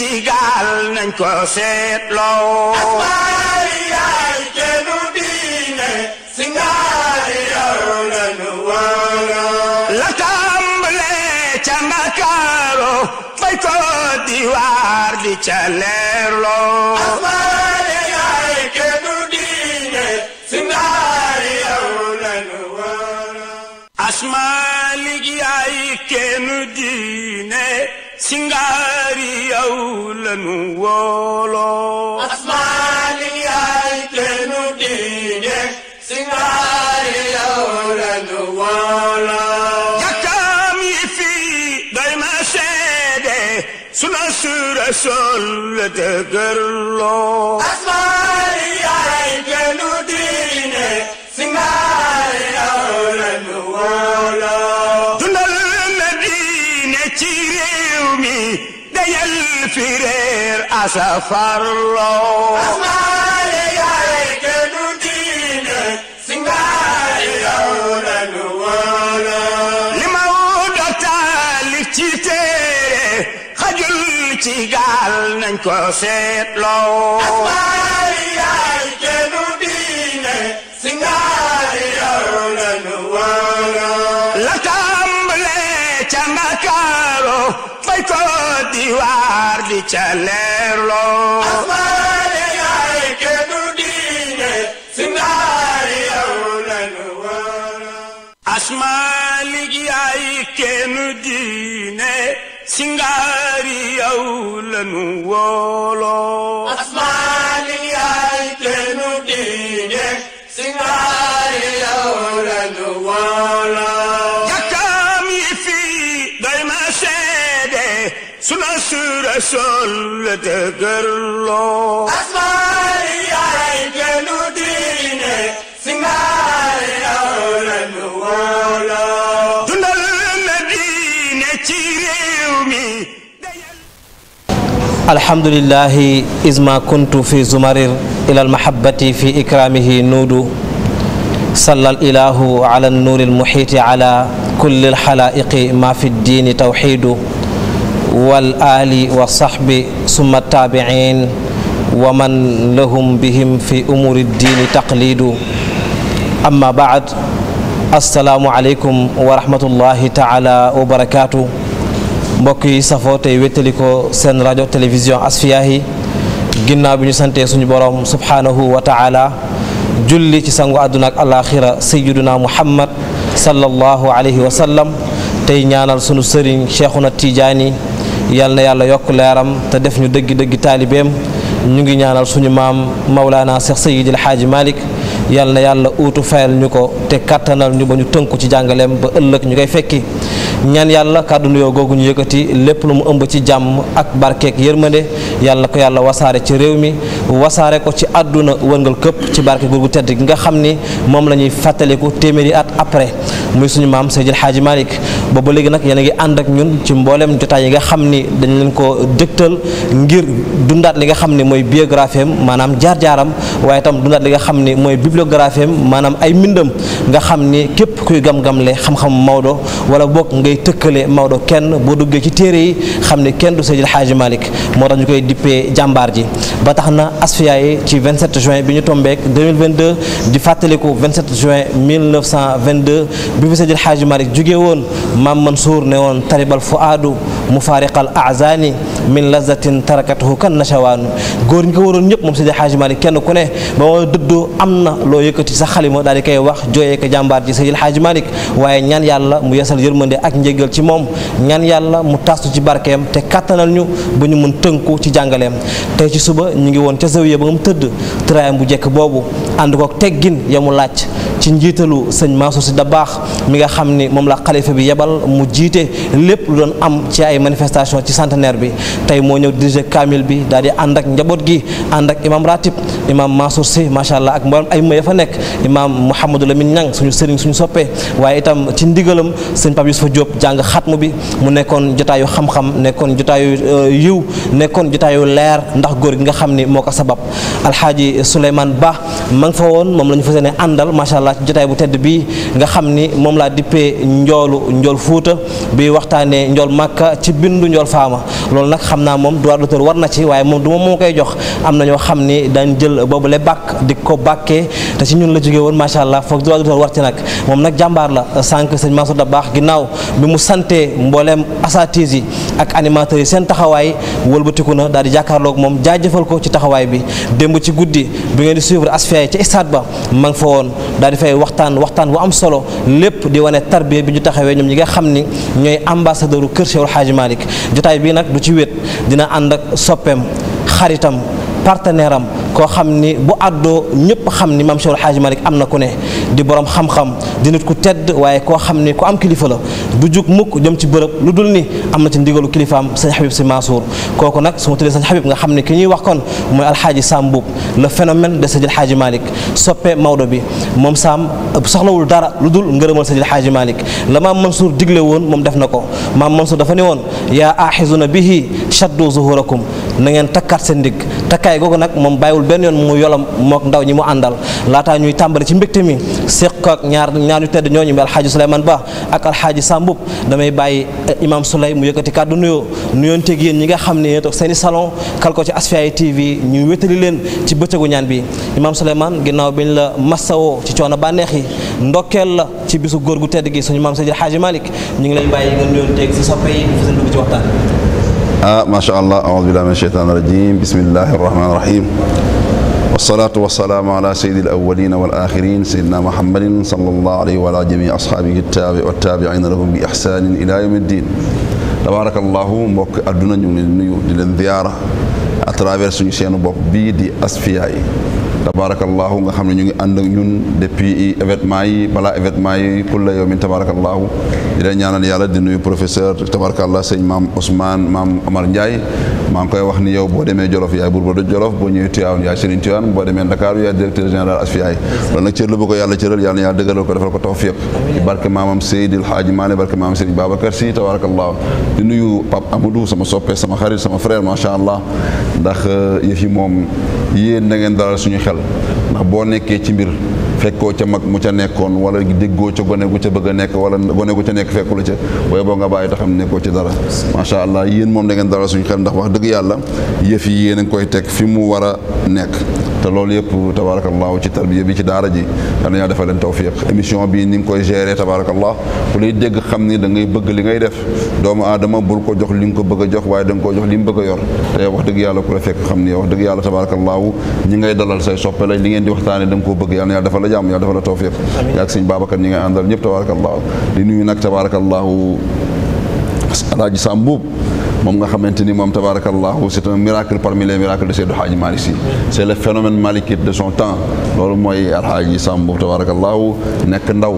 Sénégal nañ ko seetloo. asmaay yaay jënu diine si ngaari yow lañu wóoroo. la tàmbalee ca Ndakaaru fay ko diwaar di ca leerloo. asmaay yaay jënu diine si ngaari yow lañu wóoroo. asmaay yaay jënu diine si ngaari دولة ولا لي يا تنودينك سنعي أولا ولا يا كامي في دايما سيدي سنة سورة الله أسمع لي يا تنودينك سنعي أولا ولا دون المدينة تيريومي دايما fi li ma wuda taalif ci téere xajul ci gaal nañ ko seetloo asmaale yaay gënu di ca leerloo. asmaane yaay këddu diine si ndaari yow سلاسر أسال الله أسمعي يا جنودين سمعي أولا وولا دون المدينة تيريومي الحمد لله إذ ما كنت في زمر إلى المحبة في إكرامه نود صلى الإله على النور المحيط على كل الحلائق ما في الدين توحيد wal aali wa saxbi summa taabiin wa man lahum bihim fi umuri diini taqliidu amma baad asalaamu aleykum wa rahmatullahi taala wa barakaatu mbokk yi safoo tey wéttali ko seen rajo télévision Asfiyahi ginnaaw bi ñu santee suñu boroom subhaanahu wa taala julli ci sangu àdduna ak alaaxira sayyiduna muhammad sallallahu alayhi wa sallam tey ñaanal sunu sëriñ cheikhuna tijaani yal na yàlla yokk leeram te def ñu dëgg dëgg taalibeem ñu ngi ñaanal suñu maam Maulana Cheikh Seydil Hadji Malick yal na yàlla uutu fayal ñu ko te kàttanal ñu ba ñu tënku ci jàngaleem ba ëllëg ñu koy fekki ñan yàlla kàddu nuyoo googu ñu yëkkati lépp lu mu ëmb ci jàmm ak barkeek yërmande yàlla ko yàlla wasaare ci réew mi wasaare ko ci àdduna wërngal këpp ci barke gurgu tedd gi nga xam ni moom la ñuy fàttaliku téeméeri at après muy suñu maam Seydil Hadji booba léegi nag yéen gi ànd ak ñun ci mbooleem jotaay yi nga xam ni dañ leen ko dëgtal ngir dundaat li nga xam ni mooy biographie maanaam jaar-jaaram waaye itam dundaat li nga xam ni mooy bibliographie maanaam ay mbindam nga xam ni képp kuy gam-gamle xam-xam Maodo wala bokk ngay tëkkale Maodo kenn boo duggee ci téere yi xam ni kenn du Seydil Xaaji Malick moo tax ñu koy dippee jàmbaar ji ba tax na asfiya yi ci 27 juin bi ñu tombeek 2022 di fàttaliku 27 juin 1922 bi fi Seydil Xaaji Malick jóge woon maam Mansour ne woon taribal fuaadu mu faariqal min lazatin tarakatuhu kan nachawaanu góor ñi ko waroon ñëpp moom Seydi Haaji Malik kenn ku ne ba ma dëddoo am na loo yëkkati sa xalima daal di koy wax jooyee ko jàmbaar ji Seydi Haaji Malik waaye ñaan yàlla mu yeesal yërmande ak njégal ci moom ñaan yàlla mu tastu ci barkeem te kàttanal ñu ba ñu mën tënku ci jàngaleem tey ci suba ñu ngi woon ca zawiya ba mu tëdd tëraayam bu jekk boobu ànd kook ya mu laaj ci njiitalu sëñ Mansour si da yoon mu jiite lépp lu doon am ci ay manifestation ci centenaire bi tey moo ñëw diriger kaamil bi daal di ànd ak gi ànd ak imam ratib imam Mansour Sy macha allah ak ay fa imam Mouhamadou Lamine Niang suñu sëriñ suñu soppee waaye itam ci ndigalam sëñ Pape Youssoufa Diop jàng xatmu bi mu nekkoon jotaayu xam-xam nekkoon jotaayu euh, yiw nekkoon jotaayu leer ndax góor gi nga xam ni moo ko sabab alxaaji Souleymane Ba ma nga fa woon moom la ñu fas yéene àndal macha ci bu tedd nga Fouta bi waxtaanee njool màkka ci bindu njool faama loolu nag xam naa moom droit d'auteur war na ci waaye moom du moom moo koy jox am na ñoo xam ni dañ jël boobule bàkk di ko bàkkee te ci ñun la jógee woon macha allah foog droit d'auteur war ci nag moom nag jàmbaar la sànq sëñ Mansour da baax ginnaaw bi mu santee mbooleem asatis yi ak animateurs yi seen taxawaay walbatiku na daal di jàkkaarloog moom jaajëfal ko ci taxawaay bi démb ci guddi bi ngeen di suivre asfiyaay ca ba ma nga woon daal di waxtaan waxtaan am solo xam ni ñooy ambassadeur kër Cheikh El Hadj Malick jotaay bii nag du ci wét dina ànd ak soppeem xaritam partenaire am koo xam ni bu àddoo ñëpp xam ni maam Cheikh El Hadj am na ku ne di borom xam-xam di nit ku tedd waaye koo xam ni ku am kilifa la du jug mukk jëm ci bërëb lu dul ni am na ci ndigalu kilifaam sëñ Habib si Mansour kooku nag su ma tuddee sëñ Habib nga xam ni ki ñuy wax kon mooy alxaaji Sam Boub le phénomène de sëñ El Hadj Malick soppe Maodo bi moom Sam soxlawul dara lu dul ngërëmal sëñ El Hadj Malick la maam Mansour digle woon moom def na ko maam Mansour dafa ne woon yaa aaxizuna bihi shaddu zuhurakum na ngeen takkaat seen teewul benn yoon mu yolam mook ndaw ñi mu àndal laataa ñuy tàmbali ci mbégte mi séq ak ñaar ñaar ñu tedd ñooñu mi alxaaji Souleymane Ba ak alxaaji Sambub damay bàyyi eh, imam Souley mu yëkkati kàddu nuyoo nuyoonteeg yéen ñi nga xam ne yéen toog seen i salon kal ko ci Asfiyahi TV ñu wétali leen ci bëccëgu ñaan bi imam Souleymane ginnaaw biñ la massawoo ci coono bànneex yi ndokkeel la ci bisu góor gu tedd gi suñu maam Seydi Alxaaji Malick ñu ngi lay bàyyi nga nuyoonteeg si soppe yi ñu fa seen dugg ci آه ما شاء الله أعوذ بالله من الشيطان الرجيم بسم الله الرحمن الرحيم والصلاة والسلام على سيد الأولين والآخرين سيدنا محمد صلى الله عليه وعلى جميع أصحابه التابع والتابعين لهم بإحسان إلى يوم الدين تبارك الله موك أدنى نيو دي زيارة à travers suñu seenu bopp tabaarakallaahu nga xam ne ñu ngi ànd ak ñun depuis événement yi balaa événement yi kulla yawmin tabaarakallaahu di leen ñaanal yàlla di nuyu professeur tabaarakallah sëñ maam Ousmane maam Omar Ndiaye maa koy wax ni yow boo demee Jolof yaay Buurba de Jolof boo ñëwee Tiwaawan yaay Serigne Tiwaawan boo demee Dakar yaay directeur général Asfiyahi loolu nag cër la bu ko yàlla cëral yàlla na yàlla dëggalal ko defal ko tawfiq barke maamam Seydi El Hadji barke maamam Serigne xel ndax boo nekkee ci mbir fekkoo ca mag mu ca nekkoon wala déggoo ca gone gu ca bëgg a nekk wala gone gu ca nekk fekku la ca booy boo nga bàyyi te xam ne nekkoo ci dara macha allah yéen moom da ngeen dara suñu xel ndax wax dëgg yàlla yëf yi yéen a ngi koy teg fi mu war a nekk te loolu yëpp tabarakallahu ci tarbiya bi ci daara ji yal na yàlla defal leen tawfiq émission bi ni nga koy gérer tabarakallah ku lay dégg xam ni da ngay bëgg li ngay def doomu aadama bul ko jox li nga ko bëgg a jox waaye da nga ko jox li mu bëgg a wax dëgg yàlla ku la fekk xam ni yàlla tabarakallahu ñi ngay dalal say soppe la li ngeen di waxtaane da nga koo bëgg yal na yàlla defal la jàmm yàlla defal la tawfiq yaag sëñ Babacar ñi ngay àndal ñëpp tabarakallahu di nuyu nag tabarakallahu alaaji Samb moom nga xamante ni moom c'est un miracle parmi les miracles de Seydou Hadji Malissi c'est le phénomène malikite de son temps loolu mooy alxaaji sambou tabarakallah nek ndaw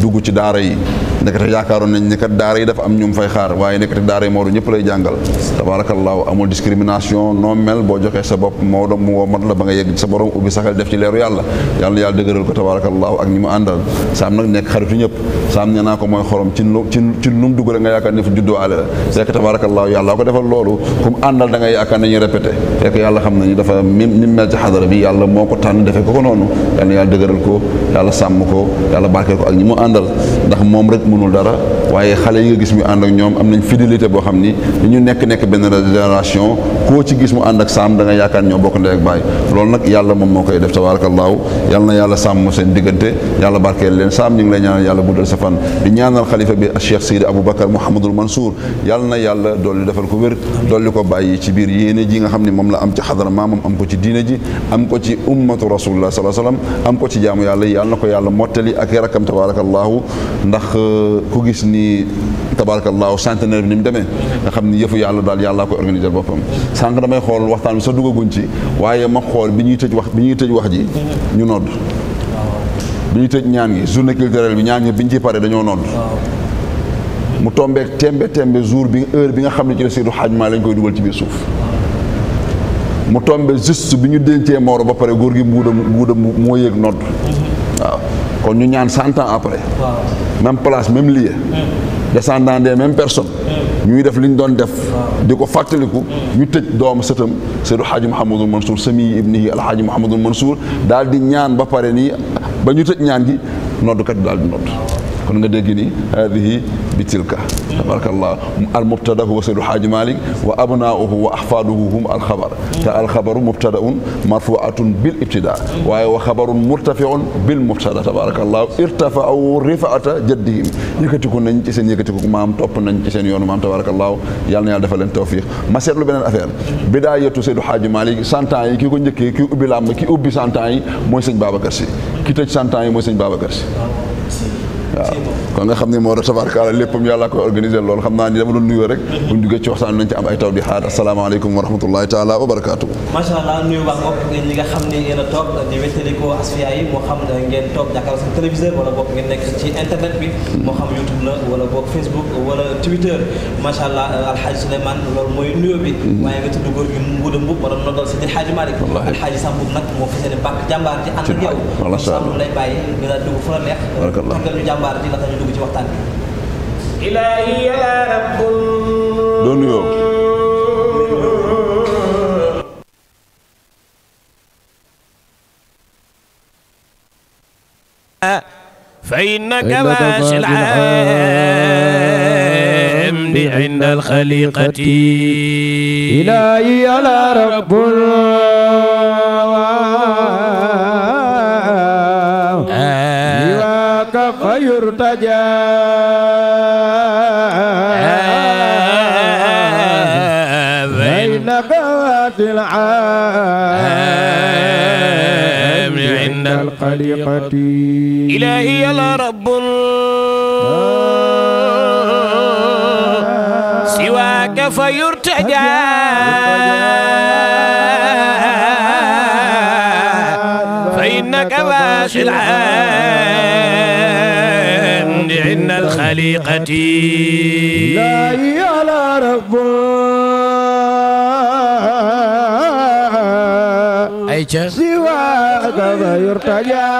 duggu ci daara yi ndekete yaakaaroon nañ ne kat daara yi dafa am ñum fay xaar waaye ndekete daara yi Maodo ñëpp lay jàngal tabarakallahu amul discrimination noo mel boo joxee sa bopp Maodo mu woo mat la ba nga yegg sa borom ubbi saxel def ci leeru yàlla yàlla na yàlla dëgëral ko tabarakallahu ak ñi mu àndal saam nag nekk xaritu ñëpp saam nee naa ko mooy xorom ci lu ci lu mu dugg rek nga yaakaar ne fa juddoo ale la fekk tabarakallahu ko defal loolu kum àndal da nga yaakaar nañu répété fekk yàlla xam nañu dafa mim ni mel ci xadara bi yàlla moo ko tànn defee ko ko noonu yàlla na yàlla dëgëral ko yàlla sàmm ko yàlla barkeel ko ak ñi mu ndax moom rek mënul dara waaye xale yi nga gis ñu ànd ak ñoom am nañ fidélité boo xam ni li ñu nekk nekk benn génération koo ci gis mu ànd ak saam da nga yaakaar ñoo bokk ndey ak baay loolu yàlla moom moo koy def tabaarakallaahu yàlla na yàlla sàmm seen diggante yàlla barkeel leen saam ñu ngi lay ñaanal yàlla guddal sa ko wér dolli ko bàyyi ci biir yéene ji nga xam moom la am ci xadara maamam am ko ci diine ji am ko ci ummatu rasulullah salaa sallam am ko ci jaamu yàlla yàlla na ko yàlla mottali ak yarakam tabaarakallaahu ndax ku gis ni ci tabaarakallaahu centenaire bi ni mu demee nga xam ni yëfu yàlla daal yàllaa koy organisé boppam sànq damay xool waxtaan bi sax duggaguñ ci waaye ma xool bi ñuy tëj wax bi ñuy tëj wax ji ñu nodd bi ñuy tëj ñaan gi journée culturelle bi ñaan gi bi ci pare dañoo nodd mu tombeek tembe tembe jour bi bi nga xam ne ci la Seydou Hadj Malick lañ koy dugal ci biir suuf mu tombe juste bi ñu dencee Mor ba pare góor gi mbuuda mbuuda moo yéeg nodd kon ñu ñaan cent ans après. même place même lieu. Hmm. descendant des mêmes personnes. Hmm. ñuy def li ñu doon def. di ko fàttaliku. Hmm. ñu tëj doomu sëtam Seydou Hadj Mouhamadul Mansour sami ibnihi Al Hadj Mouhamadul Mansour daal di ñaan ba pare nii ba ñu tëj ñaan gi noddukat bi daal di nodd kon nga dégg ni hadihi bi tilka tabarakallah almubtada huwa saydu xaaji malik wa abnauhu wa ahfaduhu hum alxabar te alxabaru mubtadaun marfuatun bil ibtida waaye wa xabarun murtafiun bil mubtada tabarakallah irtafaau rifaata jaddihim yëkkatiku nañ ci seen yëkkatiku maam topp nañ ci seen yoonu maam tabarakallah yàlla na yàlla defal leen tawfiq ma seetlu beneen affaire bidaayatu saydu xaaji malik cent ans yi ki ko njëkkee ki ubbi làmb ki ubbi cent ans yi mooy sëñ Babacar Si ki tëj cent ans yi mooy sëñ Babacar Si waaw kon nga xam ne moo da tabarkaala loolu xam naa ni dama doon nuyoo rek bu ñu duggee ci waxtaan nañ ci am ay taw a toog di ngeen nekk ci internet bi moo xam youtube la wala boog facebook wala twitter macha allah alxaaji souleymane loolu mooy nuyoo bi waaye nga tudd góor gi nguuda mbub wala nodal si di xaaji malik alxaaji sambub nag moo fi seen bàkk jàmbaar ci ànd ak nga daal dugg fu la neex tàggal ñu إلهي رب فإنك باش العام عند الخليقة إلهي يا رب الله فيرتجى بين قوات العام عند الخليقة إلهي يا رب سواك فيرتجى فإنك باس العام خليقتي لا يا رب أيجا سواك يرتجى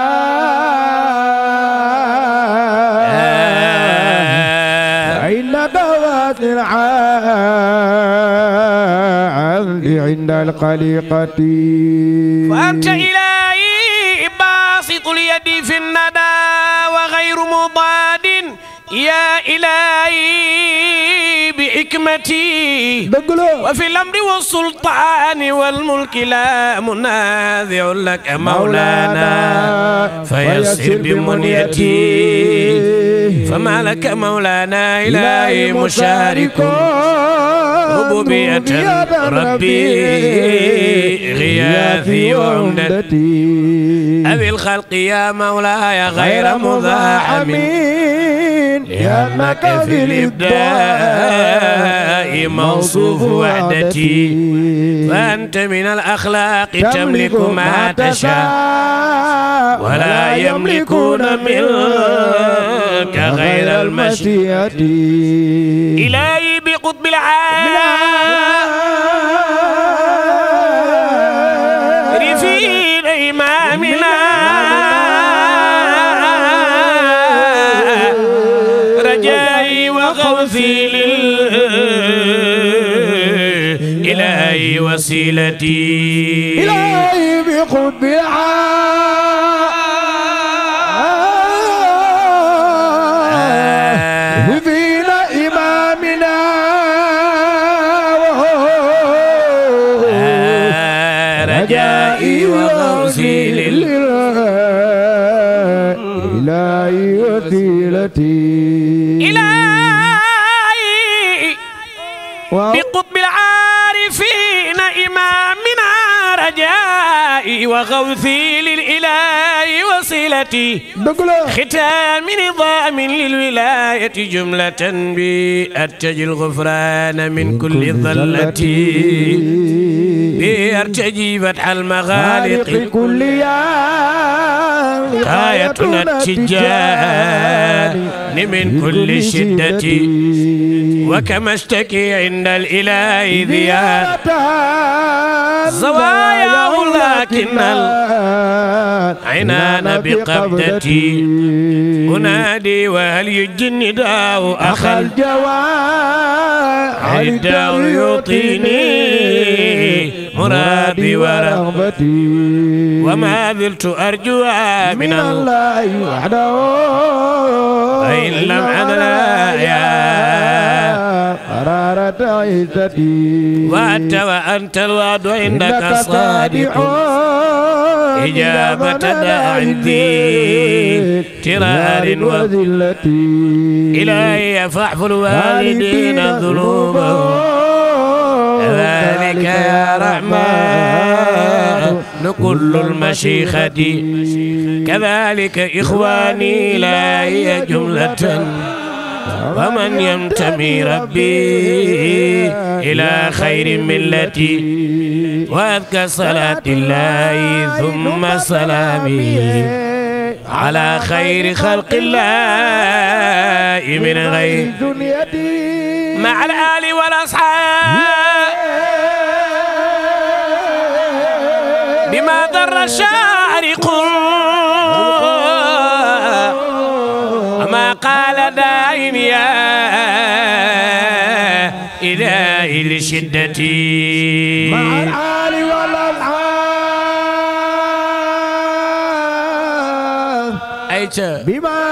إلا دوات العام عند الخليقة فأنت إلهي باسط اليد في الندى وغير مضاد إلهي بحكمتي وفي الأمر والسلطان والملك لا منازع لك مولانا فيسر بمنيتي فما لك مولانا إلهي مشارك ربوبية ربي غياثي وعمدتي أبي الخلق يا مولاي غير مزاحم يا في الإبداع موصوف وحدتي فأنت من الأخلاق تملك ما تشاء ولا يملكون منك غير المشيئة إلهي بقطب العالم إليه وسيلتي إلهي بقد ودين آه. إمامنا آه. رجائي إلهي وسيلتي وغوثي للإله وصلتي ختام نظام للولاية جملة بأرتجي الغفران من كل ظلة بأرتجي فتح المغالق كل غايتنا التجاه من كل شدتي وكما اشتكي عند الإله ذيار زوايا ولكن العنان بقبضتي أنادي وهل يجني داو أخا الجواب الدار يعطيني مرابي ورغبتي وما زلت أرجوها من الله وحده فإن لم أدرى يا جارت عزتي وأنت وأنت الوعد وإنك صادق إجابة عندي ترار وذلتي إلهي فاحفل والدين ذنوبهم ذلك يا رحمن لكل المشيخة كذلك إخواني لا هي جملة ومن ينتمي ربي إلى خير ملتي وأذكى صلاة الله ثم سلامي على خير خلق الله من غير مع الآل والأصحاب بما ضر شارق زال دائم يا إلهي لشدتي مع الآل والألحان أيتا بما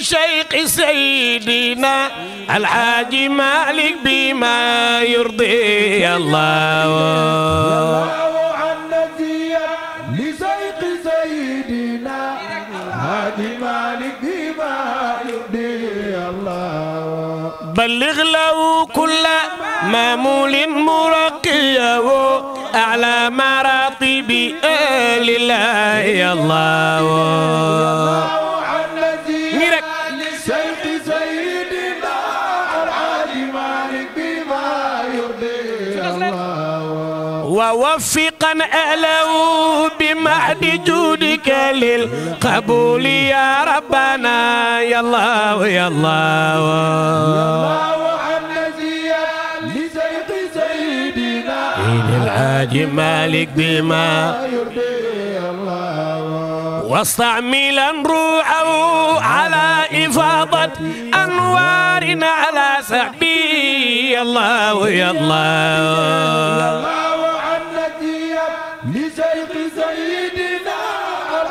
شيخ سيدنا الحاج مالك بما يرضي الله بلغ له كل مامول مرقيا أعلى مراتب آل الله يا الله ووفقا أهله بمعد جودك للقبول يا ربنا يا الله يا الله الحاج مالك بما يرضي الله واستعملا روحه على إفاضة أنوارنا على سحبي الله يا الله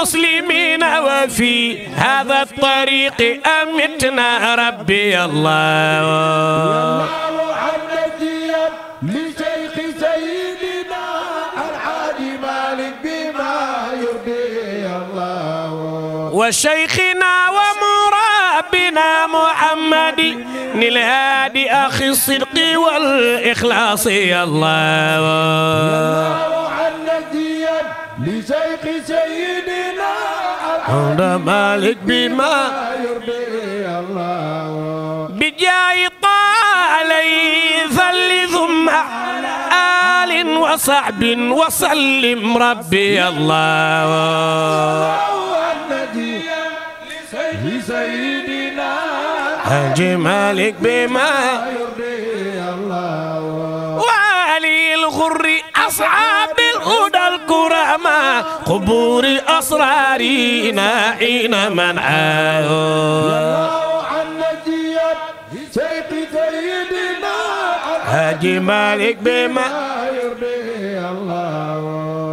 المسلمين وفي هذا الطريق أمتنا ربي الله لشيخ سيدنا مالك بما يرضي الله وشيخنا ومرابنا محمد للهادي أخي الصدق والإخلاص يا الله لشيخ سيدنا حول مالك بما يرضي الله بجاي طالي ثل ثم آل وصعب وسلم ربي الله سيدنا حاج مالك بما يرضي الله وعلي الغري أصحاب الهدى الكرماء قبور أسراري نائين من آه هاجي مالك بما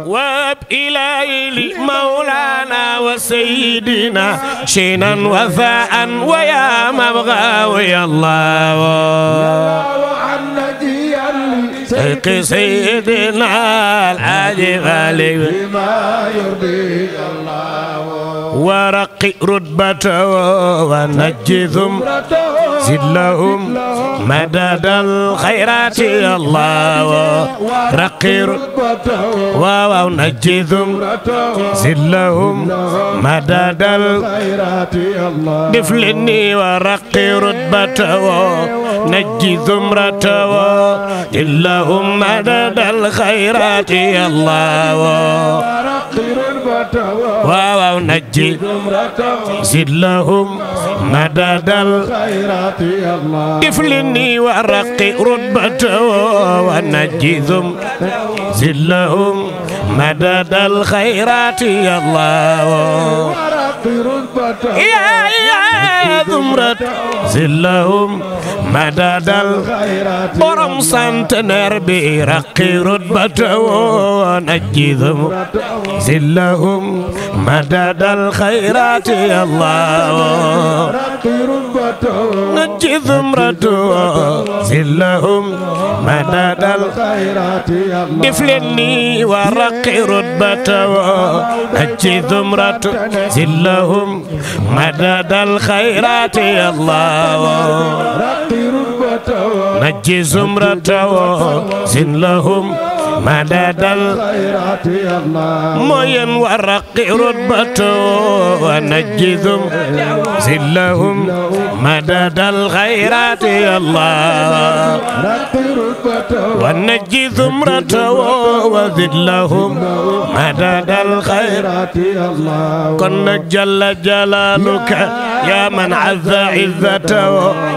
واب إلى مولانا وسيدنا شينا وفاء ويا مبغى ويا الله وعن نجيا سيق سيدنا الحاج غالي بما يرضي الله ورق رتبته ونجي زمرته زد لهم مدد الخيرات الله رق رتبته ونجي زمرته زد لهم مدد الخيرات الله دفلني ورق رتبته نجي زمرته زد لهم مدد الخيرات الله واو نجي زد لهم مدد الخيرات يا الله ورقي مدد الخيرات يا الله يا يا زمرت زلهم مدد الخيرات برم سنتنر برقي رتبته ونجذهم زلهم مدد الخيرات يا الله نجي ذمرته زلهم مدد الخيرات يا الله قفلني ورقي رتبته بتوا أجي ذمرة زلهم مدد الخيرات يا الله نجي زمرته زن لهم مددا الخيرات يا الله مين ورق رتبته ونجدهم زلهم مدد الخيرات يا الله ونجي امرته وذلهم مدد الخيرات يا الله كن جل جلالك يا من عز عزته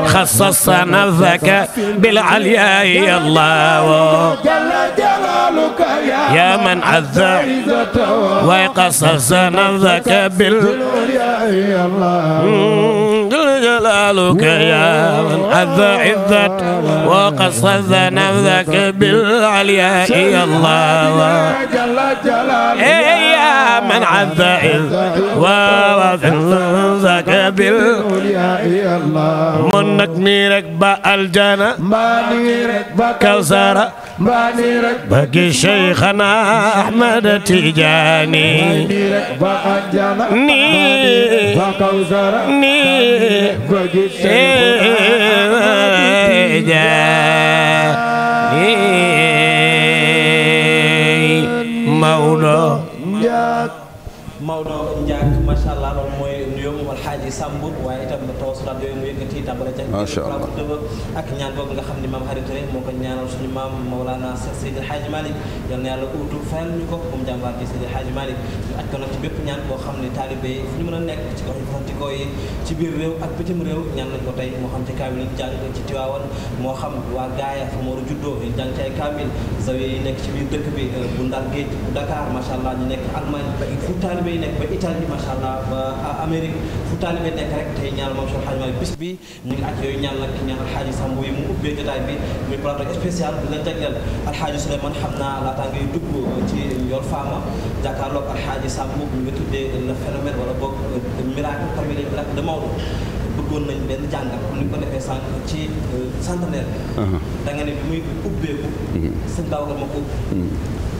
خصصنا نفسك بالعلياء يا الله جل جلالك يا من عذى وقصص نفسك بال جلالك يا من عذى عزت وقصص نفسك بالعلياء يا الله جل جلاله إيه من عذائل ووزنزك بالأولياء الله منك ميرك بألجانا مانيرك بكوثر مانيرك بكي شيخنا أحمد تيجاني مانيرك بألجانا مانيرك شيخنا Moto di Sambour waaye itam tawasulaat yooyu mu yëkkati tàmbale ca tëba ne maam Xarit Touré moo ko ñaanal suñu bi Seydi Hadji Malick ñu aj ko nag ci bépp ñaan boo xam ne taalibe yi fu ñu mën a nekk ci gox yu fasantikoo yi ci bu Ndar Géej bu Dakar macha allah ñu nekk Allemagne fu taalibe yi nekk ba Italie macha allah ba Amérique fu taalibe ngeen nekk rek tey ñaanal moom Cheikh Hadj Malick bis bi ñu ngi ak yooyu ñaan nag ñaan alxaaji Samb yi mu ubbee jotaay bi muy plateau spécial bu leen jagleel alxaaji Souleymane xam tuddee le phénomène wala boog miracle parmi les miracles de bëggoon nañ benn jàngat ni ko defee sànq ci euh, centenaire bi uh-huh. da ne muy ubbeeku mm-hmm. sëñ Babacar ma ko mm-hmm.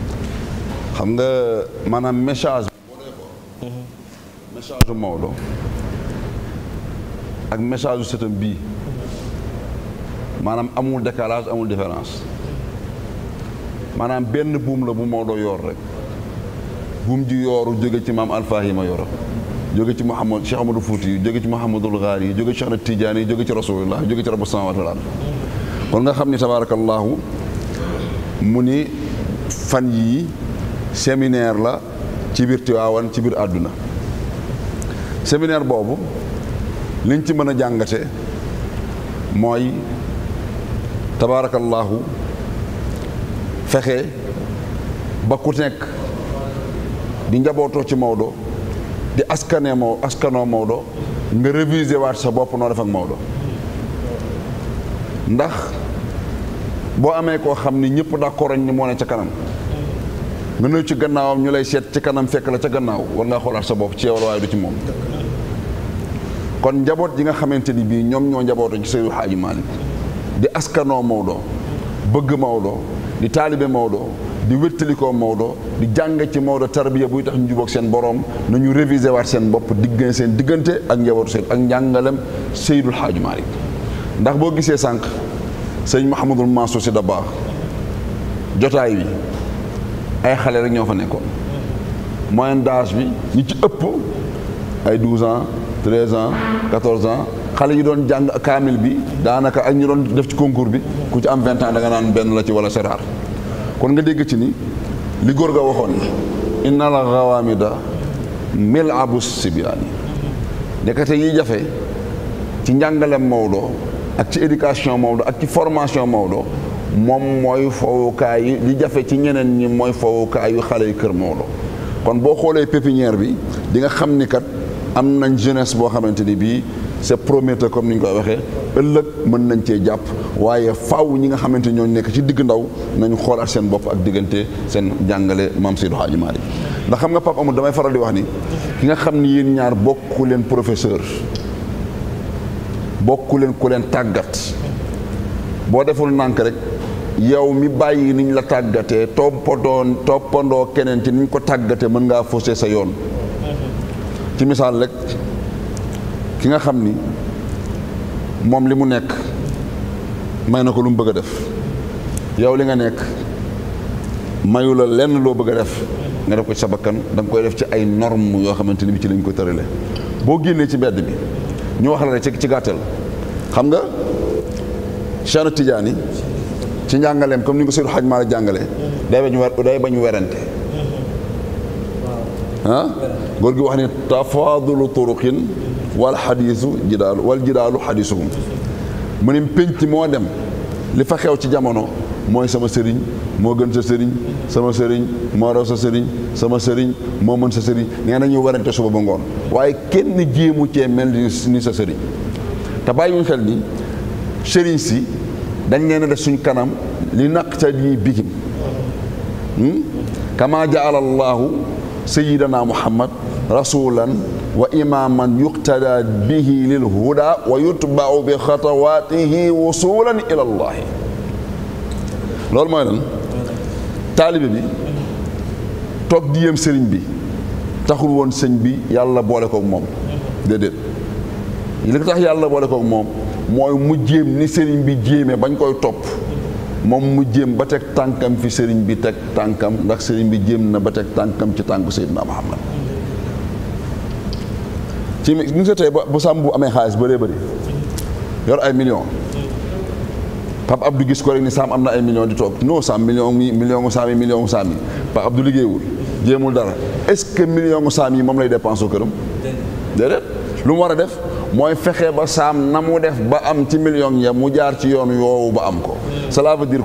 xam nga maanaam message bi message u Maodo ak message u sëtam bii maanaam amul décalage amul différence maanaam benn buum la bu Maodo yor rek buum ji yooru jóge ci maam Alpha yi ma yoro jóge ci Mouhamad Cheikh Amadou Fouti yi jóge ci Mouhamadul Ghali yi jóge ci Cheikh Tidiane yi jóge ci Rasulullah jóge ci rabu samawat wal ard kon nga xam ni tabaarakallaahu mu ni fan yii séminaire la ci biir Tiwaawan ci biir àdduna séminaire boobu liñ ci mën a jàngate mooy tabaarakallaahu fexe ba ku nekk di njabootoo ci Maodo di askane Maodo askanoo Maodo nga réviser waat sa bopp noo def ak Maodo ndax boo amee koo xam ni ñëpp d'accord ni moo ne ca kanam nga ñëw ci gannaawam ñu lay seet ci kanam fekk la ca gannaaw war ngaa xoolaat sa bopp ci yow la waaye du ci moom kon njaboot yi nga xamante ni bii ñoom ñoo njabooto ci Seydi Hadji Malick di askanoo Maodo bëgg Maodo di taalibe Maodo di wéttalikoo Maodo di jàng ci Maodo tarbiya buy tax ñu jubóog seen borom nañu réviser waat seen bopp diggante seen diggante ak njabootu seen ak njàngalem Seydil Hadji Malick ndax boo gisee sànq sëñ Mouhamadul Mansour Sy Dabakh jotaay bi ay xale rek ñoo fa nekkoon moyenne d'âge bi ñi ci ëpp ay 12 ans 13 ans 14 xale ñi doon jàng kaamil bi daanaka ak ñu doon def ci concours bi ku ci am 20 ans da nga naan benn la ci wala seraar kon nga dégg ci ni li góor ga waxoon ni inna la rawaamida mil abus sibiyaani ndekete yi jafe ci njàngaleem Maodo ak ci éducation Maodo ak ci formation Maodo moom mooy fowukaay yi li jafe ci ñeneen ñi mooy fowukaay yu xale yu Kër Maodo kon boo xoolee pépinière bi di nga xam ni kat am nañ jeunesse boo xamante ni bii c'est prometteur comme ni ñu koy waxee ëllëg mën nañ cee jàpp waaye faw ñi nga xamante ñooñu nekk ci digg ndaw nañu xoolaat seen bopp ak diggante seen jàngale maam Seydou Hadji Malick ndax xam nga Pape Amadou damay faral di wax ni ki nga xam ni yéen ñaar bokku leen professeur bokku leen ku leen tàggat boo deful nànk rek yow mi bàyyi niñ la tàggatee toppandoon toppandoo keneen ci niñ ko tàggatee mën ngaa faussé sa yoon ci misaal rek ki nga xam ni moom li mu nekk may na ko lu mu bëgg a def yow li nga nekk mayu lenn loo bëgg a def nga def ko ci sa bakkan da koy def ci ay norme yoo xamante ni bi ci lañ ko tërale boo génnee ci bedd bi ñu wax la rek ci gàttal xam nga Cheikh Tidiane ci njàngaleem comme ni ko Seydou Hadj Malick jàngale day bañ wer day bañ werante ah góor gi wax ni tafaadulu turuqin wal xadiisu jidaalu wal jidaalu xadiisuhum mu ne pénc moo dem li fa xew ci jamono mooy sama sëriñ moo gën sa sëriñ sama sëriñ moo raw sa sëriñ sama sëriñ moo mën sa sëriñ nee na ñu warante suba ba ngoon waaye kenn jéemu cee mel ni sa sëriñ te bàyyi ñu xel ni sëriñ si dañ leen a def suñ kanam li naqtadi bihim kama jaala allahu sayidana muhammad rasulan wa imaman yuqtada bihi lil huda wa yutbau bi xatawatihi wusulan ila allahi loolu mooy lan taalibe bi toog di yem sëriñ bi taxul woon sëñ bi yàlla boole koog moom déedéet li ko tax yàlla boole koog moom mooy mu jéem ni sëriñ bi jéemee bañ koy topp moom mu jéem ba teg tànkam fi sëriñ bi teg tànkam ndax sëriñ bi jéem na ba teg tànkam ci tànku Seydina Muhammad ci mi nga tey ba bu sàmm bu amee xaalis bëree bëri yor ay million Pape Abdou gis ko rek ni Sam am na ay million di toog non Sam million mi million mu Sam yi million gu Sam yi Pape Abdou liggéeyul jéemul dara est-ce million mu Sam yi moom lay dépense au këram déedéet lu mu war a def mooy fexe ba saam na mu def ba am ci million ya mu jaar ci yoon yoowu ba am ko cela veut dire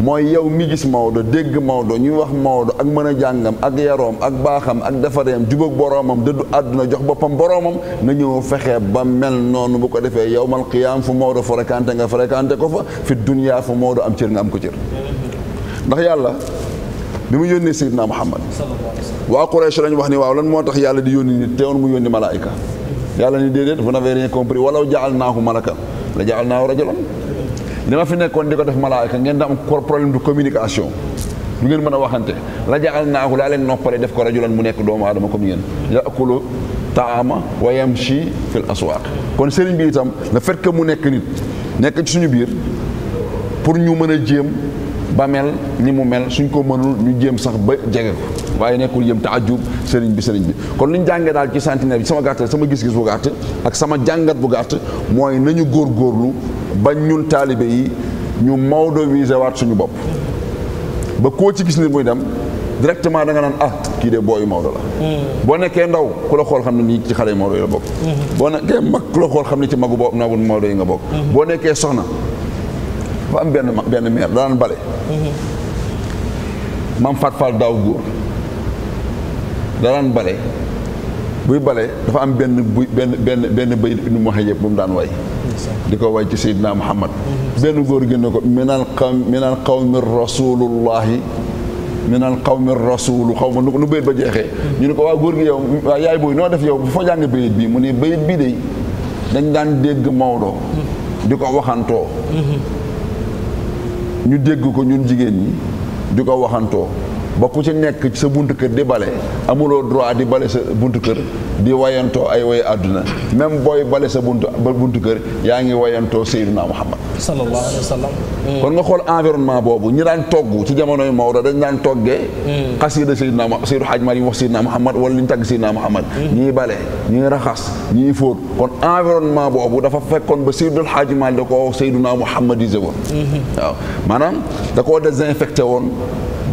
mooy yow mi gis Maodo dégg Maodo ñuy wax Maodo ak mën a jàngam ak yaroom ak baaxam ak defareem jubag boroomam dëddu àdduna jox boppam boroomam nga ñëw fexe ba mel noonu bu ko defee yowmal qiyaam fu Maodo fréquenté nga fréquenté ko fa fi duniyaa fu Maodo am cër nga am ko cër ndax yàlla bi mu yónnee Seydina Muhammad waa Quraysh lañu wax ni waaw lan moo tax yàlla di yónni nit teewoon mu yónni malaayika yàlla ni déedéet vous n'avez rien compris walaw jaalnaahu malakan la jaalnaahu rajulan li ma fi nekkoon di ko def malaayka ngeen da am problème de communication du ngeen mën a waxante la jaalnaahu laa leen noppale def ko rajulan mu nekk doomu aadama comme yéen yakulu taama wa yamshi fil aswaq kon sëriñ bi itam le fait mu nekk nit nekk suñu biir pour ñu mën a jéem ba mel ni mu mel suñ ko mënul ñu jéem sax ba jege ko waaye nekkul yëm taajub sëriñ bi sëriñ bi kon lu ñu jàngee daal ci centenaire bi sama gàtt sama gis-gis bu gàtt ak sama jàngat bu gàtt mooy nañu góorgóorlu ba ñun taalibe yi ñu Maodo visé waat suñu bopp ba koo ci gis ne muy dem directement da nga naan ah kii de booyu Maodo la. Mm. boo nekkee ndaw ku la xool xam ne nii ci xale Maodo yi la bokk. Mm-hmm. boo nekkee mag ku la xool xam ne ci magu boobu nagu Maodo yi nga bokk. Mm-hmm. boo nekkee soxna ba am benn benn maire daan bale. maam mm-hmm. da daan bale buy bale dafa am benn bu benn benn benn bayit ibnu muhayyab bu mu daan way di ko way ci seydina muhammad benn góor gi ne ko minal qawm minal qawmi rasulullahi minal qawmi rasulu xaw ma nu nu bayit ba jeexee ñu ne ko waa góor gi yow waa yaay booy ñoo def yow bu foo jàng bayit bii mu ne bayit bii de dañ daan dégg Maodo di ko waxantoo mm-hmm. ñu dégg ko ñun jigéen ñi di ko waxantoo ba ku ci nekk sa buntu kër di bale amuloo droit di bale sa buntu kër di wayantoo ay way àdduna même booy bale sa buntu ba buntu kër yaa ngi wayantoo Seydina Muhammad sallallahu alayhi wa sallam hmm. kon nga xool environnement boobu ñi daan togg ci jamonoy Maodo dañ daan toggee hmm. xasida Seydina Seydou Hadj Malick wax Seydina Muhammad wala li ñu tagg Seydina Muhammad hmm. ñii bale ñii raxas ñii fóot kon environnement boobu dafa fekkoon ba Seydou Hadj Malick da koo Seydina Muhammad yi woon waaw maanaam da koo désinfecté woon